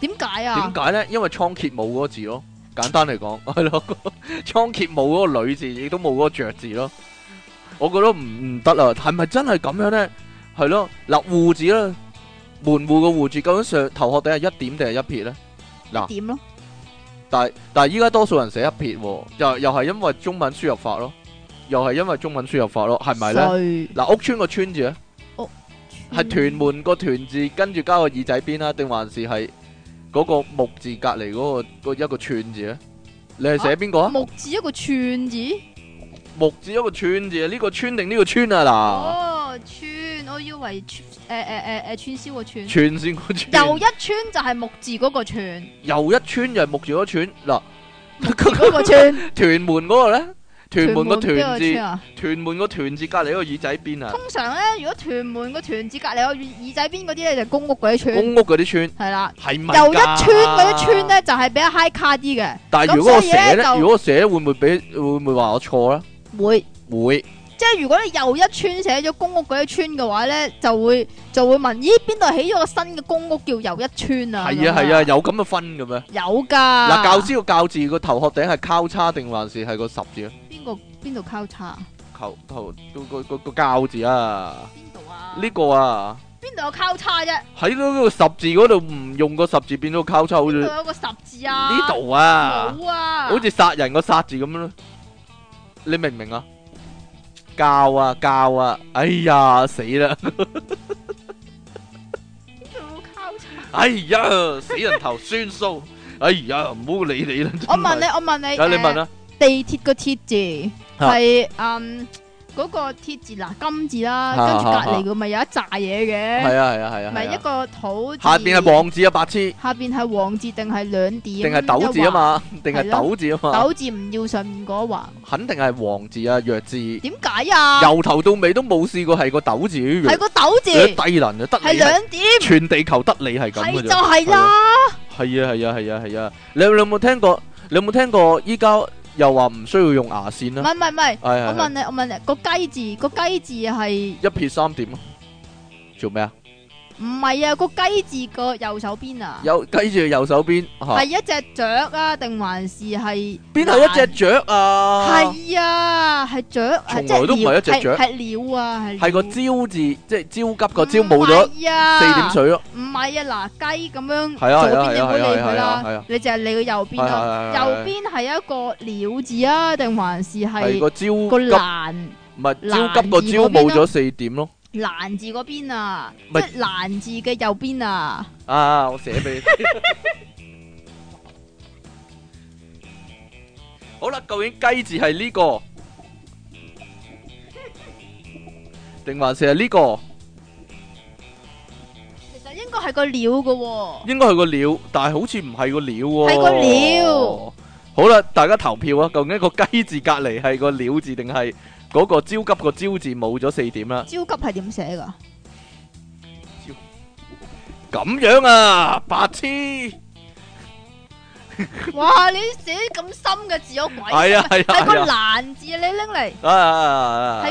點解啊？點解咧？因為倉頡冇嗰個字咯。簡單嚟講，係咯，倉頡冇嗰個女字，亦都冇嗰個爵字咯。我覺得唔唔得啊！係咪真係咁樣咧？係咯，嗱，戶字啦，門戶個戶字究竟上頭殼頂係一點定係一撇咧？嗱，點咯？但係但係依家多數人寫一撇喎，又又係因為中文輸入法咯，又係因為中文輸入法咯，係咪咧？嗱，屋村個村字咧，屋係屯門個屯字跟住加個耳仔邊啦，定還是係？嗰個木字隔籬嗰個個一個串字咧，你係寫邊個啊？木字一個串字，木字一個串字、呢個、個啊！呢個串定呢個串啊嗱？哦，串，我以為串，誒誒誒誒，串、呃、燒、呃呃呃、個串，串線個串，又一串就係木字嗰個串，又一串就係木字嗰個串嗱，嗰、啊、個串，屯 門嗰個咧。屯門個屯字，屯門個屯字隔籬個耳仔邊啊！邊邊啊通常咧，如果屯門個屯字隔籬個耳仔邊嗰啲咧，就公屋嗰啲村。公屋嗰啲村係啦，係又一村嗰啲村咧，就係比較 high 卡啲嘅。但係如果我寫咧，如果我寫會唔會俾會唔會話我錯咧？會會,會,會,會。會即係如果你又一村寫咗公屋嗰一村嘅話咧，就會就會問：咦，邊度起咗個新嘅公屋叫又一村啊？係啊係啊，是是有咁嘅分嘅咩？有噶的。嗱、啊，教師個教字個頭殼頂係交叉定還是係個十字啊？邊個邊度交叉？頭頭個個個教字啊？邊度啊？呢個啊？邊度有交叉啫？喺嗰個十字嗰度唔用個十字變咗個交叉，好似有個十字啊？呢度啊？冇啊！好似殺人個殺字咁樣咯，你明唔明啊？教啊教啊，哎呀死啦！哎呀死人頭酸蘇，哎呀唔好理你啦。我問你，我問你，你問啊？地鐵個鐵字係嗯。嗰個鐵字啦，金字啦，跟住隔離佢咪有一扎嘢嘅。係啊係啊係啊，咪一個土字。下邊係王字啊，白痴，下邊係王字定係兩點，定係斗字啊嘛，定係斗字啊嘛，斗字唔要上面嗰橫，肯定係王字啊，弱字，點解啊？由頭到尾都冇試過係個斗字，係個斗字，低能就得你全地球得你係咁嘅就係啦，係啊係啊係啊係啊，你有冇聽過？你有冇聽過依家？又話唔需要用牙線啦？唔係唔係唔係，我問你，我問你個雞字，個雞字係一撇三點咯，做咩啊？唔係啊，個雞字個右手邊啊，有雞字右手邊係一隻雀啊，定還是係邊係一隻雀啊？係啊，係雀，從來都唔係一隻雀，係鳥啊，係個焦字即係焦急個焦冇咗四點水咯。唔係啊，嗱雞咁樣，係啊係啊係啊係啊，你就係你個右邊咯，右邊係一個鳥字啊，定還是係個招個難，唔係焦急個焦冇咗四點咯。難字嗰邊啊，即難是字嘅右邊啊。啊，我寫俾你。 好啦，究竟雞字係呢、這個，定 還是係、這、呢個？其實應該係個鳥嘅、哦。應該係個鳥，但係好似唔係個鳥。係個鳥。好啦，大家投票啊！究竟一個雞字隔籬係個鳥字定係？嗰個焦急個焦字冇咗四點啦，焦急係點寫噶咁樣啊，白痴！哇，你寫咁深嘅字有鬼？係啊係啊係個難字，你拎嚟啊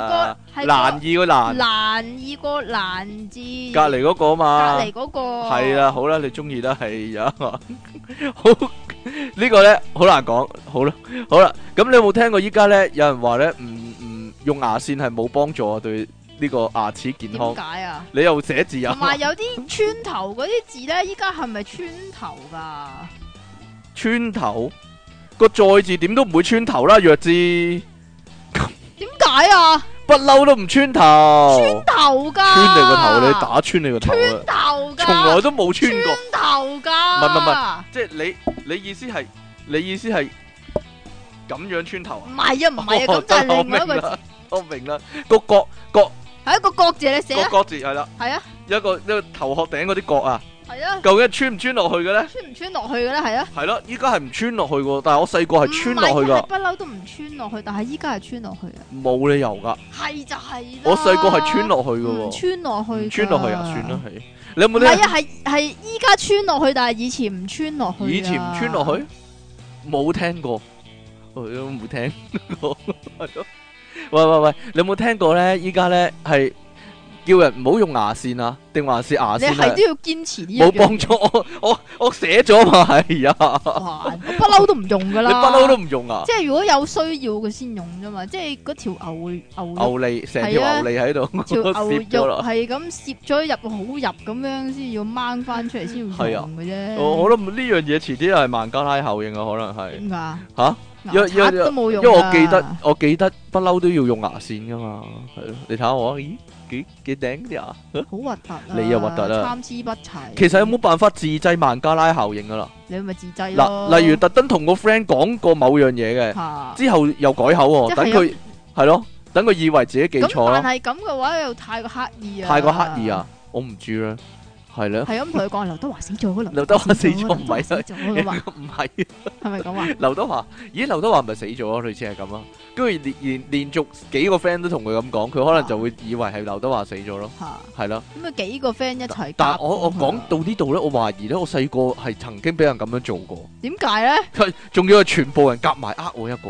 係個難易個難，難易個難字，隔籬嗰個啊嘛，隔籬嗰個係啦，好啦，你中意啦，係啊，好呢個咧，好難講，好啦，好啦，咁你有冇聽過依家咧？有人話咧唔。用牙線係冇幫助啊！對呢個牙齒健康。點解啊？你又寫字啊？同埋有啲穿頭嗰啲字咧，依家係咪穿頭噶？穿頭個再字點都唔會穿頭啦，弱智。點解啊？不嬲都唔穿頭。穿頭噶。穿你個頭，你打穿你個頭。穿頭噶。從來都冇穿過。穿頭噶。唔唔唔，唔唔即係你你意思係你意思係。咁樣穿頭？唔係啊，唔係啊，咁就係另一個。我明啦，個角角係一個角字嚟,寫啦。個角字係啦。係啊，一個一個頭殼頂嗰啲角啊。係啊。究竟穿唔穿落去嘅咧？穿唔穿落去嘅咧？係啊。係咯，依家係唔穿落去噶，但係我細個係穿落去噶。不嬲都唔穿落去，但係依家係穿落去啊。冇理由噶。係就係我細個係穿落去噶。穿落去。穿落去啊，算啦係。你有冇咧？係啊係係，依家穿落去，但係以前唔穿落去。以前唔穿落去？冇聽過。我都冇聽，係咯。喂喂喂，你有冇聽過咧？依家咧係叫人唔好用牙線啊，定還是牙線？你係都要堅持啲嘢。冇幫助，我我寫咗嘛，係呀。哇，我不嬲都唔用噶啦。你不嬲都唔用啊？即係如果有需要佢先用啫嘛。即係嗰條牛牛牛脷，成條牛脷喺度，條牛肉係咁攝咗入好入咁樣，先要掹翻出嚟先用嘅啫。我我覺得呢樣嘢遲啲係孟加拉效應啊，可能係。點解啊？吓？因因因，因為我記得我記得不嬲都要用牙線噶嘛，係咯？你睇下我，咦？幾幾頂啲牙？好核突啊！你又核突啦，參差不齊。其實有冇辦法自製孟加拉效應噶啦？你咪自製咯。嗱，例如特登同個 friend 講過某樣嘢嘅，之後又改口，等佢係咯，等佢以為自己記錯咧。但係咁嘅話又太過刻意啊！太過刻意啊！我唔知啦。係咯，係咁同佢講，劉 德華死咗，劉德華死咗唔係，唔係，係咪咁話？劉德華，咦？劉德華唔係死咗咯？類似係咁啊？跟住連連連續幾個 friend 都同佢咁講，佢可能就會以為係劉德華死咗咯。係 的，係咯的。咁啊，幾個 friend 一齊，但係我我講到呢度咧，我懷的疑咧，我細個係曾經俾人咁樣做過。點解咧？佢仲要係全部人夾埋呃我一個。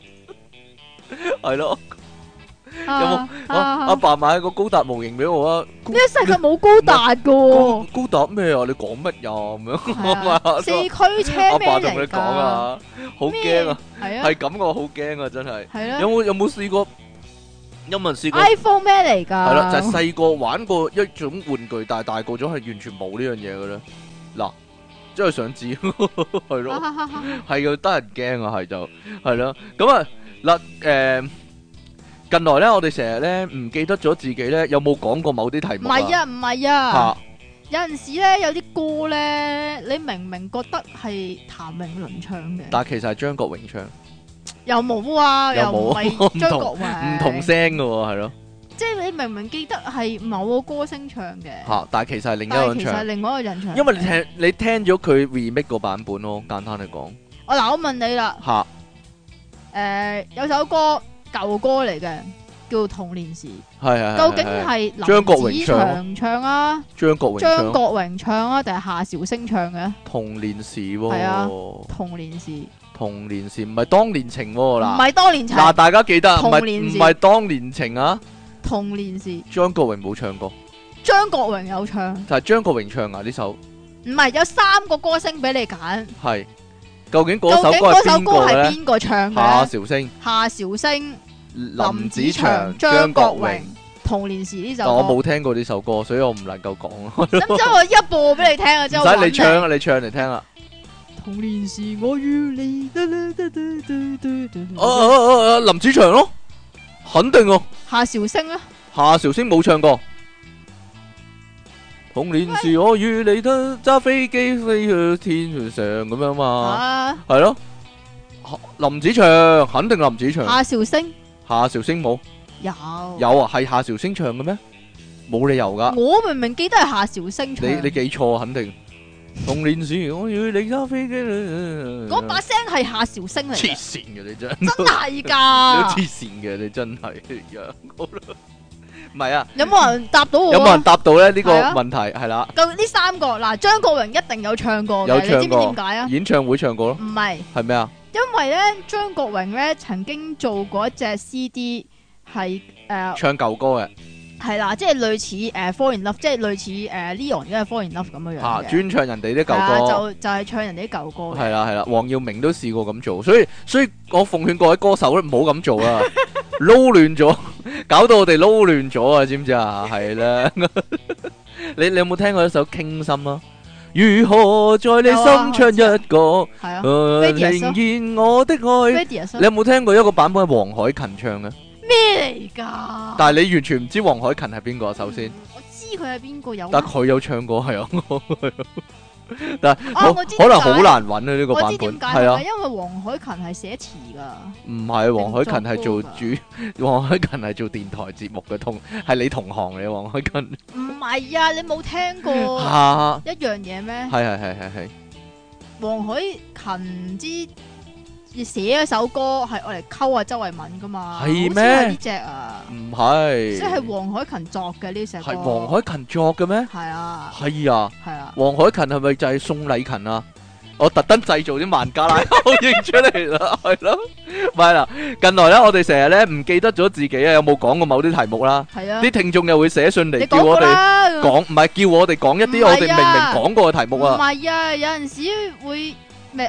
係咯，有冇阿阿爸買個高達模型俾我啊？呢世界冇高達噶，高達咩啊？你講乜樣啊？四驅車咩嚟？阿爸同你講啊，好驚啊，係啊，係咁我好驚啊，真係。係咯，有冇有冇試過？英文試過。iPhone 咩嚟噶？係啦，就係細個玩過一種玩具，但係大個咗係完全冇呢樣嘢嘅咧。嗱，即係想知，係咯，係要得人驚啊，係就係啦，咁啊。嗱，誒近來咧，我哋成日咧唔記得咗自己咧有冇講過某啲題目。唔係啊，唔係啊。嚇！有陣時咧，有啲歌咧，你明明覺得係譚詠麟唱嘅，但係其實係張國榮唱。又冇啊，又唔係張國榮唔同聲㗎喎，係咯。即係你明明記得係某個歌星唱嘅。嚇！但係其實係另一個人唱。係，其實另外一個人唱。因為聽你聽咗佢 remake 個版本咯，簡單嚟講。我嗱，我問你啦。嚇！誒，有首歌舊歌嚟嘅，叫《童年時》，係係，究竟係林子祥唱啊？張國榮張國榮唱啊，定係夏韶聲唱嘅？童年時係啊，童年時，童年時唔係當年情嗱，唔係當年情嗱，大家記得童年時唔係唔係當年情啊？童年時，張國榮冇唱過，張國榮有唱，就係張國榮唱啊呢首，唔係有三個歌星俾你揀，係。究竟嗰首歌係邊個唱嘅？夏韶聲、夏韶聲、林子祥、張國榮《童年時》呢首歌，我冇聽過呢首歌，所以我唔能夠講。咁即係我一播俾你聽啊，就唔使 你唱啊，你唱嚟聽啦。童年時，我與你，林子祥咯，肯定哦。夏韶聲啊，夏韶聲冇唱過。童年時我與你都揸飛機飛去天船上咁樣嘛，係咯、啊？林子祥，肯定林子祥，夏韶聲？夏韶聲冇有有啊？係夏韶聲唱嘅咩？冇理由噶我明明記得係夏韶聲唱。你你記錯肯定。童年時我與你揸飛機，嗰把聲係夏韶聲嚟。黐線嘅你真，真係噶， 你黐線嘅你真係。 唔係啊，有冇人答到我 有冇人答到咧？呢、這個問題係啦。咁呢、啊啊、三個嗱，張國榮一定有唱過，有唱過你知唔知點解啊？演唱會唱過咯。唔係是，係咩啊？因為咧，張國榮咧曾經做過一隻 CD，係誒、呃、唱舊歌嘅。係啦，即係類似誒、uh, fall in love，即係類似誒、uh, Leon 而家 fall in love 咁嘅樣嘅。嚇、啊，專唱人哋啲舊歌。就就係、是、唱人哋啲舊歌。係啦係啦，黃耀明都試過咁做，所以所以我奉勸各位歌手咧唔好咁做啊。 撈亂咗，搞到我哋撈亂咗啊！知唔知啊？係啦，你你有冇聽過一首傾心啊？啊如何在你心唱一個，仍然、啊、我，我的愛？Red Yes. 你有冇聽過一個版本係黃凱芹唱嘅？咩嚟噶？但係你完全唔知黃凱芹係邊個？首先，嗯、我知佢係邊個有，但佢有唱過係 但啊。但係我、啊、可能好難揾啊呢、這個版本係啊，因為黃凱芹係寫詞噶，唔係黃凱芹係做主，黃凱芹係做電台節目嘅通，係你同行嚟嘅黃凱芹，唔係啊，你冇聽過、啊、一樣嘢咩？係係係係係黃凱芹之。寫一首歌係我嚟溝啊周慧敏噶嘛？係咩？呢隻啊？唔係，即係黃海芹作嘅呢首歌。係黃海芹作嘅咩？係啊。係啊。係啊。黃海芹係咪就係宋禮勤啊？我特登製造啲孟加拉效應出嚟啦，係咯。咪啦，近來咧，我哋成日咧唔記得咗自己啊有冇講過某啲題目啦。係啊。啲聽眾又會寫信嚟叫我哋講，唔係叫我哋講一啲我哋明明講過嘅題目啊。唔係啊，有陣時會。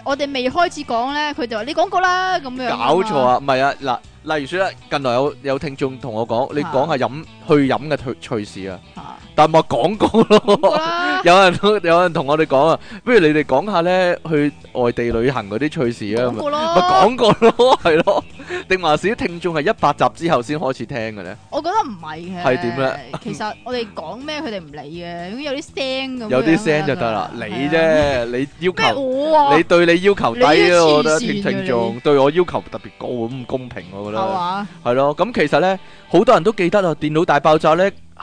我哋未開始講呢，佢就話你講過啦咁樣。搞錯啊，唔係啊，嗱，例如説咧，近來有有聽眾同我講，你講下飲去飲嘅趣、啊、事勢啊。但咪講過咯，有人有人同我哋講啊，不如你哋講下咧，去外地旅行嗰啲趣事啊，咪講過咯，係咯，定話係啲聽眾係一百集之後先開始聽嘅咧？我覺得唔係嘅，係點咧？其實我哋講咩佢哋唔理嘅，有啲聲咁，有啲聲就得啦。你啫，你要求，你對你要求低啊！我覺得聽眾對我要求特別高，咁唔公平，我覺得係咯。咁其實咧，好多人都記得啊，電腦大爆炸咧。喺五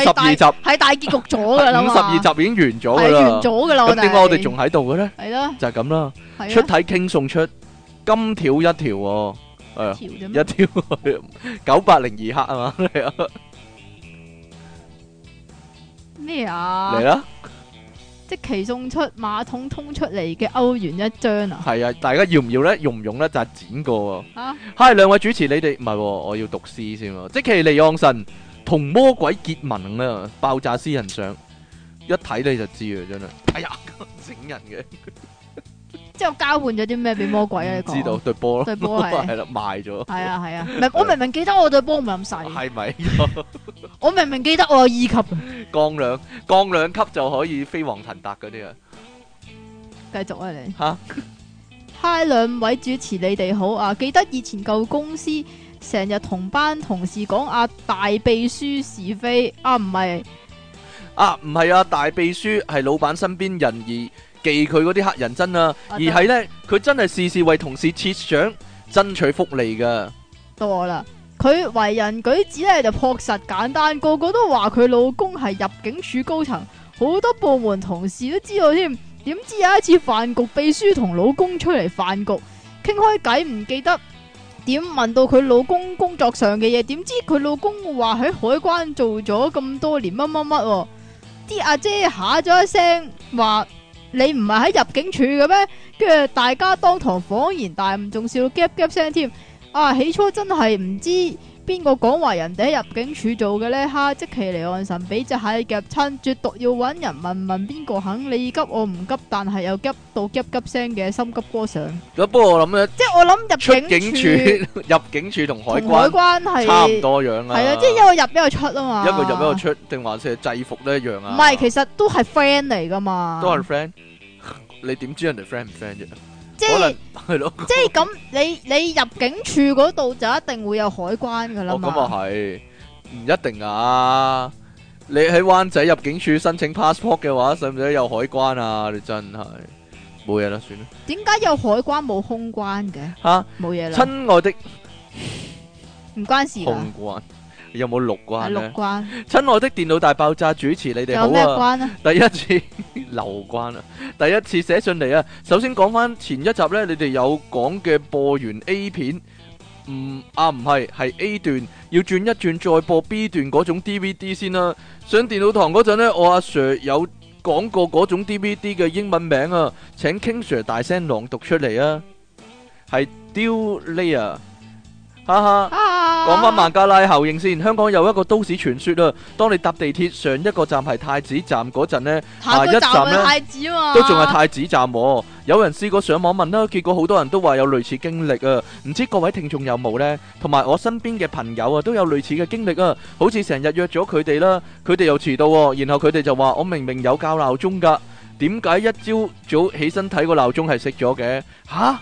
十二集，喺大結局咗噶啦嘛，五十二集已經完咗噶啦，完咗噶啦，咁點解我哋仲喺度嘅咧？係咯，就係咁啦。出體 king 送出金條一條，係啊，一條啫咩？一條九百零二克啊嘛？咩啊？嚟啦！即期送出馬桶通出嚟嘅歐元一張啊！係啊，大家要唔要咧？用唔用咧？就剪過啊！Hi，兩位主持，你哋唔係，我要讀詩先啊！積淇離岸神。同魔鬼結盟啦！爆炸私人相，一睇你就知啊，真係。哎呀，整 人嘅，之後交換咗啲咩俾魔鬼啊？你知道你說對波咯，對波係咯，賣咗。係啊係啊， 我明明記得我對波唔係咁細。係咪？我明明記得我有二級，降兩降兩級就可以飛黃騰達嗰啲啊！繼續啊，你嚇。嗨哈，Hi 兩位主持，你哋好啊！記得以前舊公司，成日同班同事講阿大秘書是非，啊唔係，啊，啊大秘書係老闆身邊人而記佢嗰啲黑人憎啊，啊而係呢，佢真係事事為同事設想，爭取福利噶多啦。佢為人舉止呢，就樸實簡單，個個都話佢老公係入境處高層，好多部門同事都知道添。點知有一次飯局，秘書同老公出嚟，飯局，傾開偈唔記得。點問到佢老公工作上嘅嘢，點知佢老公話喺海關做咗咁多年乜乜乜。啲阿姐嚇咗一聲，話你唔係喺入境處嘅咩？跟住大家當堂恍然大悟，仲笑到夾夾聲添。啊，起初真係唔知。邊個講話人哋喺入境處做嘅咧？哈！即係積淇離岸神俾隻蟹夾親，絕對要揾人問問邊個肯？你急我唔急，但係又急到急急聲嘅心急哥上。不過我諗咧，即係我諗入境處、出境 入境處同海關係差唔多樣啦。係啊，即係一個入一個出啊嘛。一個入一個出，定還是制服都一樣啊？唔係，其實都係 friend 嚟噶嘛。都係是 friend， 你點知人哋 friend 唔 friend 啫？即係係咯，即係咁你你入境處嗰度就一定會有海關噶啦嘛。哦，咁啊係，唔一定啊。你喺灣仔入境處申請 passport 嘅話，使唔使有海關啊？你真係冇嘢啦，算啦。點解有海關冇空關嘅？吓，冇嘢啦。親愛的，唔關事。空關。有冇六關咧？六關。親愛的電腦大爆炸主持，你哋好啊,有關啊,關啊！第一次留關啦，第一次寫信嚟啊。首先講翻前一集呢，你哋有講嘅播完 A 片，唔、嗯、啊唔係係 A 段，要轉一轉再播 B 段嗰種 DVD 先啦、啊。上電腦堂嗰陣呢，我阿、啊、Sir 有講過嗰種 DVD 嘅英文名啊，請 King Sir 大聲朗讀出嚟啊，係 Dual Layer。哈哈，講翻孟加拉效應先。香港有一個都市傳說啊，當你搭地鐵上一個站係太子站嗰陣咧，下一站咧都仲係太子站。有人試過上網問啦，結果好多人都話有類似經歷啊。唔知各位聽眾有冇咧？同埋我身邊嘅朋友啊，都有類似嘅經歷啊。好似成日約咗佢哋啦，佢哋又遲到。然後佢哋就話：我明明有校鬧鐘㗎，點解一朝早起身睇個鬧鐘係熄咗嘅？嚇！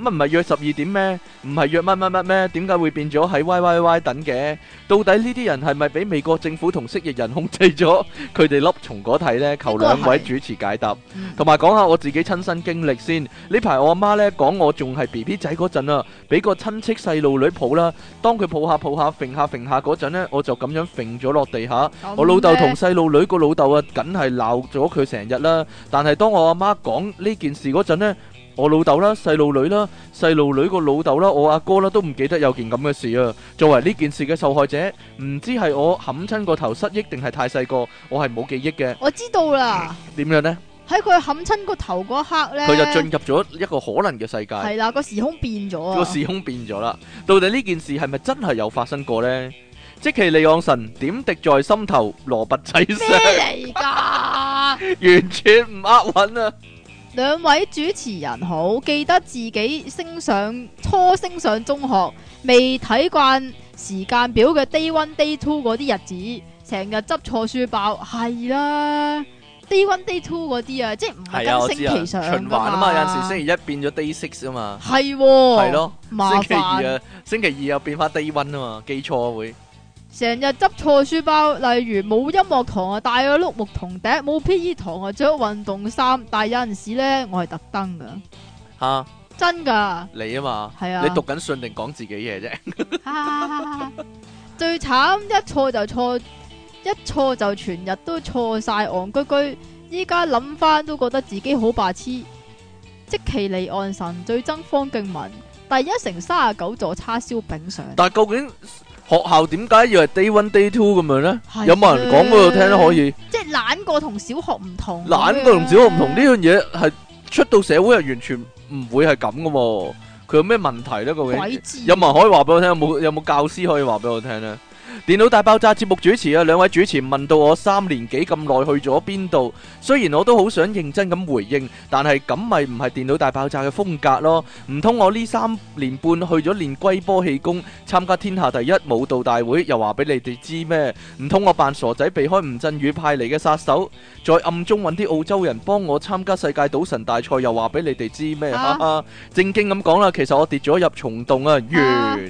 咁唔係約十二點咩？唔係約乜乜乜咩？點解會變咗喺 Y Y Y 等嘅？到底呢啲人係咪俾美國政府同蜥蜴人控制咗？佢哋粒蟲嗰體呢？求兩位主持解答，同埋講下我自己親身經歷先。呢排我阿媽呢，講我仲係 B B 仔嗰陣啊，俾個親戚細路女抱啦，當佢抱下抱下揈下揈下嗰陣呢，我就咁樣揈咗落地下。我老豆同細路女個老豆啊，梗係鬧咗佢成日啦。但係當我阿媽講呢件事嗰陣呢。我老豆啦，細路女啦，細路女個老豆啦，我阿哥啦，都唔記得有件咁嘅事啊。作為呢件事嘅受害者，唔知係我冚親個頭失憶，定係太細個，我係冇記憶嘅。我知道啦。點樣咧？喺佢冚親個頭嗰一刻咧，佢就進入咗一個可能嘅世界。係啦，個時空變咗啊！個時空變咗啦，到底呢件事係咪真係有發生過咧？積淇離岸神點滴在心頭，蘿蔔仔咩嚟噶？完全唔握穩啊！兩位主持人好，記得自己升上初升上中學，未睇慣時間表嘅 day one day two 嗰啲日子，成日執錯書包係啦。day one day two 嗰啲啊，即係唔係跟星期上、啊、循環啊嘛，有時星期一變咗 day six 啊嘛，係係咯，的煩星期二啊，星期二又變翻 day one 啊嘛，記錯會。成日執錯書包，例如冇音樂堂,戴堂啊，帶個牧童笛，冇 P.E. 堂啊，着運動衫。但係有陣時咧，我係特登噶吓，真噶你啊嘛，係啊，你讀緊信定講自己嘢啫。 最慘一錯就錯，一錯就，就全日都錯晒，戇居居。依家諗翻都覺得自己好白痴。積淇離岸神最憎方敬文，第一城卅九座叉燒餅上，但係究竟。學校點解要係 day one day two 咁樣咧？的有冇人講俾我聽都可以？即係懶過同小學唔同，懶過同小學唔同呢樣嘢，係出到社會係完全唔會係咁噶噃。佢有咩問題咧？究竟？智有冇人可以話俾我聽？有冇有冇教師可以話俾我聽咧？電腦大爆炸節目主持啊，兩位主持問到我三年幾咁耐去咗邊度，雖然我都好想認真咁回應，但係咁咪唔係電腦大爆炸嘅風格咯。唔通我呢三年半去咗練龜波氣功，參加天下第一武道大會，又話俾你哋知咩？唔通我扮傻仔避開吳鎮宇派嚟嘅殺手，再暗中揾啲澳洲人幫我參加世界賭神大賽，又話俾你哋知咩？哈哈、啊， 正經咁講啦，其實我跌咗入蟲洞啊，完。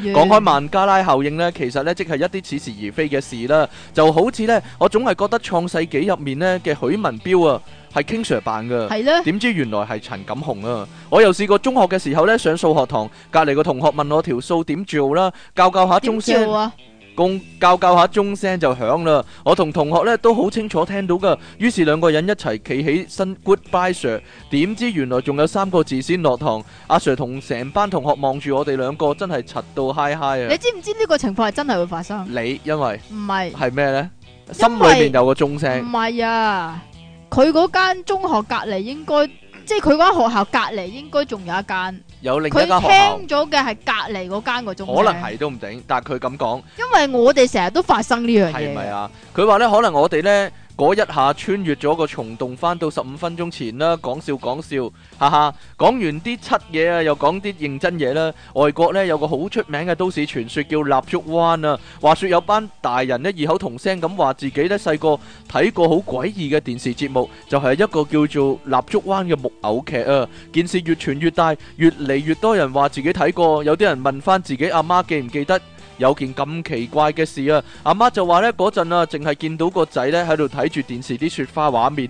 講、啊、開孟加拉效應呢，其實呢即係。一啲似是而非嘅事啦，就好似呢，我總係覺得創世紀入面呢嘅許文彪啊，係 King Sir 扮嘅，係呢，點知原來係陳錦鴻啊！我又試過中學嘅時候呢，上數學堂，隔籬個同學問我條數點做啦，教教下中師、啊。公教教下鐘聲就響啦，我同同學咧都好清楚聽到噶。於是兩個人一齊企起身，Goodbye，Sir。點知原來仲有三個字先落堂。阿 Sir 同成班同學望住我哋兩個，真係柒到嗨嗨啊！你知唔知呢個情況係真係會發生？你因為唔係係咩呢？心裏邊有個鐘聲唔係啊！佢嗰間中學隔離應該，即係佢間學校隔離應該仲有一間。有另一間學校，佢聽咗嘅係隔離嗰間個中，可能係都唔定，但係佢咁講，因為我哋成日都發生呢樣嘢，係咪啊？佢話咧，可能我哋咧。嗰一下穿越咗個蟲洞，返到十五分鐘前啦。講笑講笑，哈哈！講完啲七嘢啊，又講啲認真嘢啦。外國呢，有個好出名嘅都市傳說叫蠟燭灣啊。話說有班大人呢異口同聲咁話自己呢細個睇過好詭異嘅電視節目，就係一個叫做蠟燭灣嘅木偶劇啊。件事越傳越大，越嚟越多人話自己睇過。有啲人問翻自己阿媽記唔記得？有件咁奇怪嘅事啊，阿媽就話呢嗰陣啊，淨係見到個仔呢喺度睇住電視啲雪花畫面，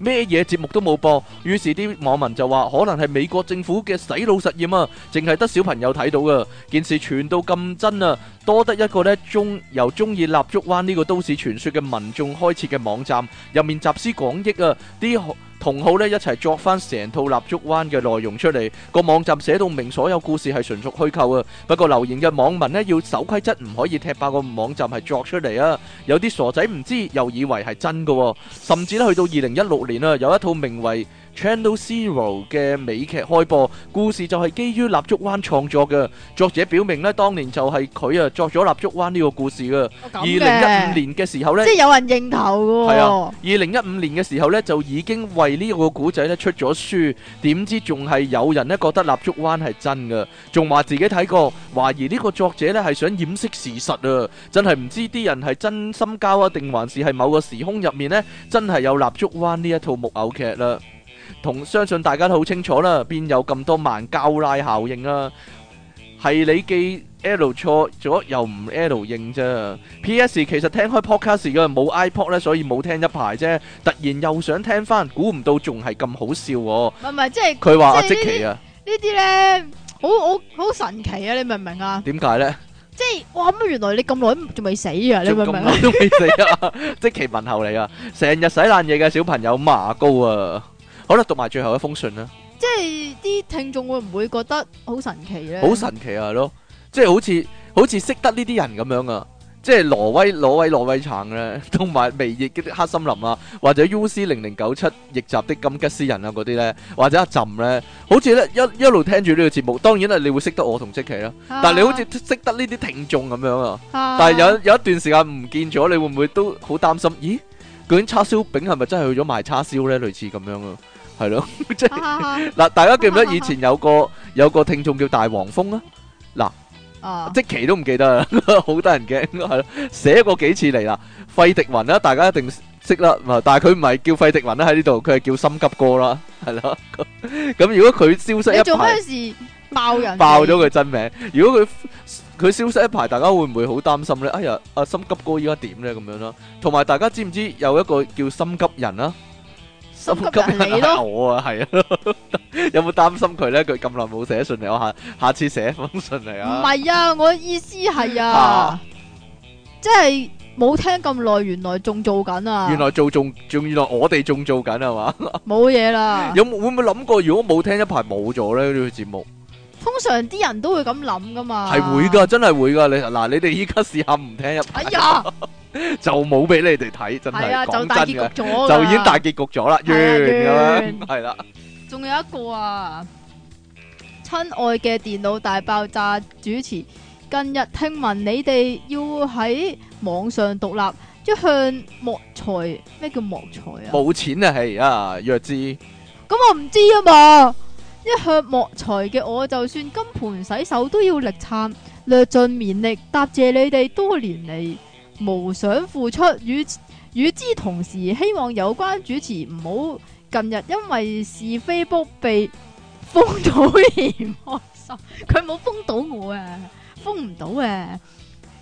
咩嘢節目都冇播。於是啲網民就話，可能係美國政府嘅洗腦實驗啊，淨係得小朋友睇到啊。件事傳到咁真啊，多得一個呢中由中意蠟燭灣呢個都市傳說嘅民眾開設嘅網站入面集思廣益啊啲。同號咧一齊作翻成套蠟燭灣嘅內容出嚟。個網站寫到明所有故事係純屬虛構啊。不過留言嘅網民呢要守規則，唔可以踢爆個網站係作出嚟啊。有啲傻仔唔知又以為係真噶，甚至去到二零一六年啊，有一套名為。Channel Zero 嘅美劇開播，故事就係基於蠟燭灣創作嘅。作者表明咧，當年就係佢啊，作咗蠟燭灣呢個故事嘅。二零一五年嘅時候咧，即係有人認頭嘅。係啊，二零一五年嘅時候咧就已經為呢個古仔咧出咗書，點知仲係有人咧覺得蠟燭灣係真嘅，仲話自己睇過，懷疑呢個作者咧係想掩飾事實啊。真係唔知啲人係真心交啊，定還是係某個時空入面咧真係有蠟燭灣呢一套木偶劇啦。同相信大家都好清楚啦，邊有咁多孟加拉效應啊？係你記 L 錯咗又唔 L 應啫。P.S. 其實聽開 podcast 嘅冇 ipod 咧，所以冇聽一排啫。突然又想聽翻，估唔到仲係咁好笑喎。唔係唔係，即係佢話阿積淇啊？呢啲咧好好好神奇啊！你明唔明啊？點解咧？即係我諗原來你咁耐仲未死啊？你明唔明？都未死啊！積淇問候你啊！成日洗爛嘢嘅小朋友，麻高啊！好啦，讀埋最後一封信啦。即係啲聽眾會唔會覺得好神奇咧？好神奇啊！係咯，即係好似好似識得呢啲人咁樣啊！即係挪威挪威挪威橙咧，同埋微熱嗰啲黑森林啊，或者 U C 零零九七逆襲的金吉斯人啊嗰啲咧，或者阿朕咧，好似咧一一路聽住呢個節目，當然啦，你會識得我同積淇啦，但係你好似識得呢啲聽眾咁樣啊！但係有有一段時間唔見咗，你會唔會都好擔心？咦，究竟叉燒餅係咪真係去咗賣叉燒咧？類似咁樣啊！係咯，即係嗱，大家記唔記得以前有個有個聽眾叫大黃蜂啊？嗱，即其都唔記得啦，好得人驚。係咯，寫過幾次嚟啦，費迪雲啦，大家一定識啦，唔係，但係佢唔係叫費迪雲啦喺呢度，佢係叫心急哥啦，係咯，咁如果佢消失一排，你做咩事爆人，爆咗佢真名，如果佢佢消失一排，大家會唔會好擔心咧？哎呀，阿心急哥依家點咧？咁樣咯，同埋大家知唔知有一個叫心急人啊？咁嚟咯，我啊，係啊，有冇擔心佢咧？佢咁耐冇寫信嚟，我下下次寫封信嚟啊！唔係啊，我意思係啊，即係冇聽咁耐，原來仲做緊啊！原來做仲仲原來我哋仲做緊係嘛？冇嘢啦，有冇會唔會諗過如果冇聽一排冇咗咧呢個節目？通常啲人都會咁諗噶嘛，係會噶，真係會噶。你嗱，你哋依家試下唔聽一排啊！ 就冇俾你哋睇，真係講、啊、真嘅，就已大結局咗啦， 就已經大結局咗完係啦。仲有一個啊，親愛嘅電腦大爆炸主持，近日聽聞你哋要喺網上獨立，一向莫財，咩叫莫財啊？冇錢啊，係啊，弱智。咁我唔知啊嘛，一向莫財嘅我，就算金盆洗手都要力撐，略盡綿力，答謝你哋多年嚟，無想付出，與與之同時，希望有關主持唔好近日因為是非簿被封到而唔開心。佢冇封到我啊，封唔到啊。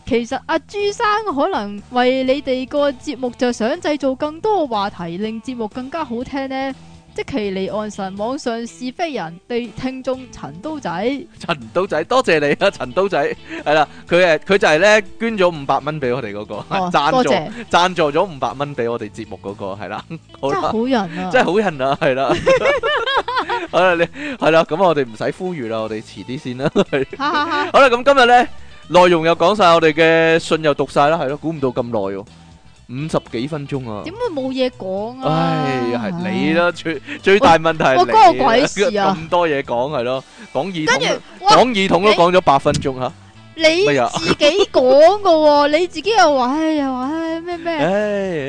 其實阿、啊、朱生可能為你哋個節目就想製造更多話題，令節目更加好聽呢。即淇離岸神，網上是非人，對聽眾陳刀仔。陳刀仔，多謝你啊，陳刀仔，係啦，佢誒，佢就係咧捐咗五百蚊俾我哋嗰，那個，贊助贊助咗五百蚊俾我哋節目嗰，那個，係啦，好啦，好人，真係好人啊，係啦、啊， 好啦，你係啦，咁我哋唔使呼籲啦，我哋遲啲先啦， 好啦，咁今日咧內容又講晒，我哋嘅信又讀晒啦，係咯，估唔到咁耐哦。五十幾分鐘啊！點會冇嘢講啊？唉，係你啦，最最大問題係你。關我鬼事啊，咁多嘢講係咯，講耳筒著講耳筒都，哇都講咗八分鐘嚇。你自己講噶喎，啊、你自己又話唉、哎，又話咩咩，唉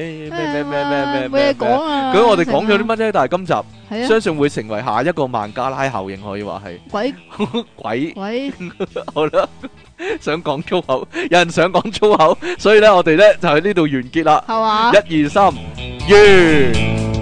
咩咩咩咩咩講啊！咁我哋講咗啲乜啫？但係今集相信會成為下一個孟加拉效應，可以話係鬼鬼鬼， 鬼 好啦，想講粗口，有人想講粗口，所以咧我哋咧就喺呢度完結啦，係嘛吧，一二三，完。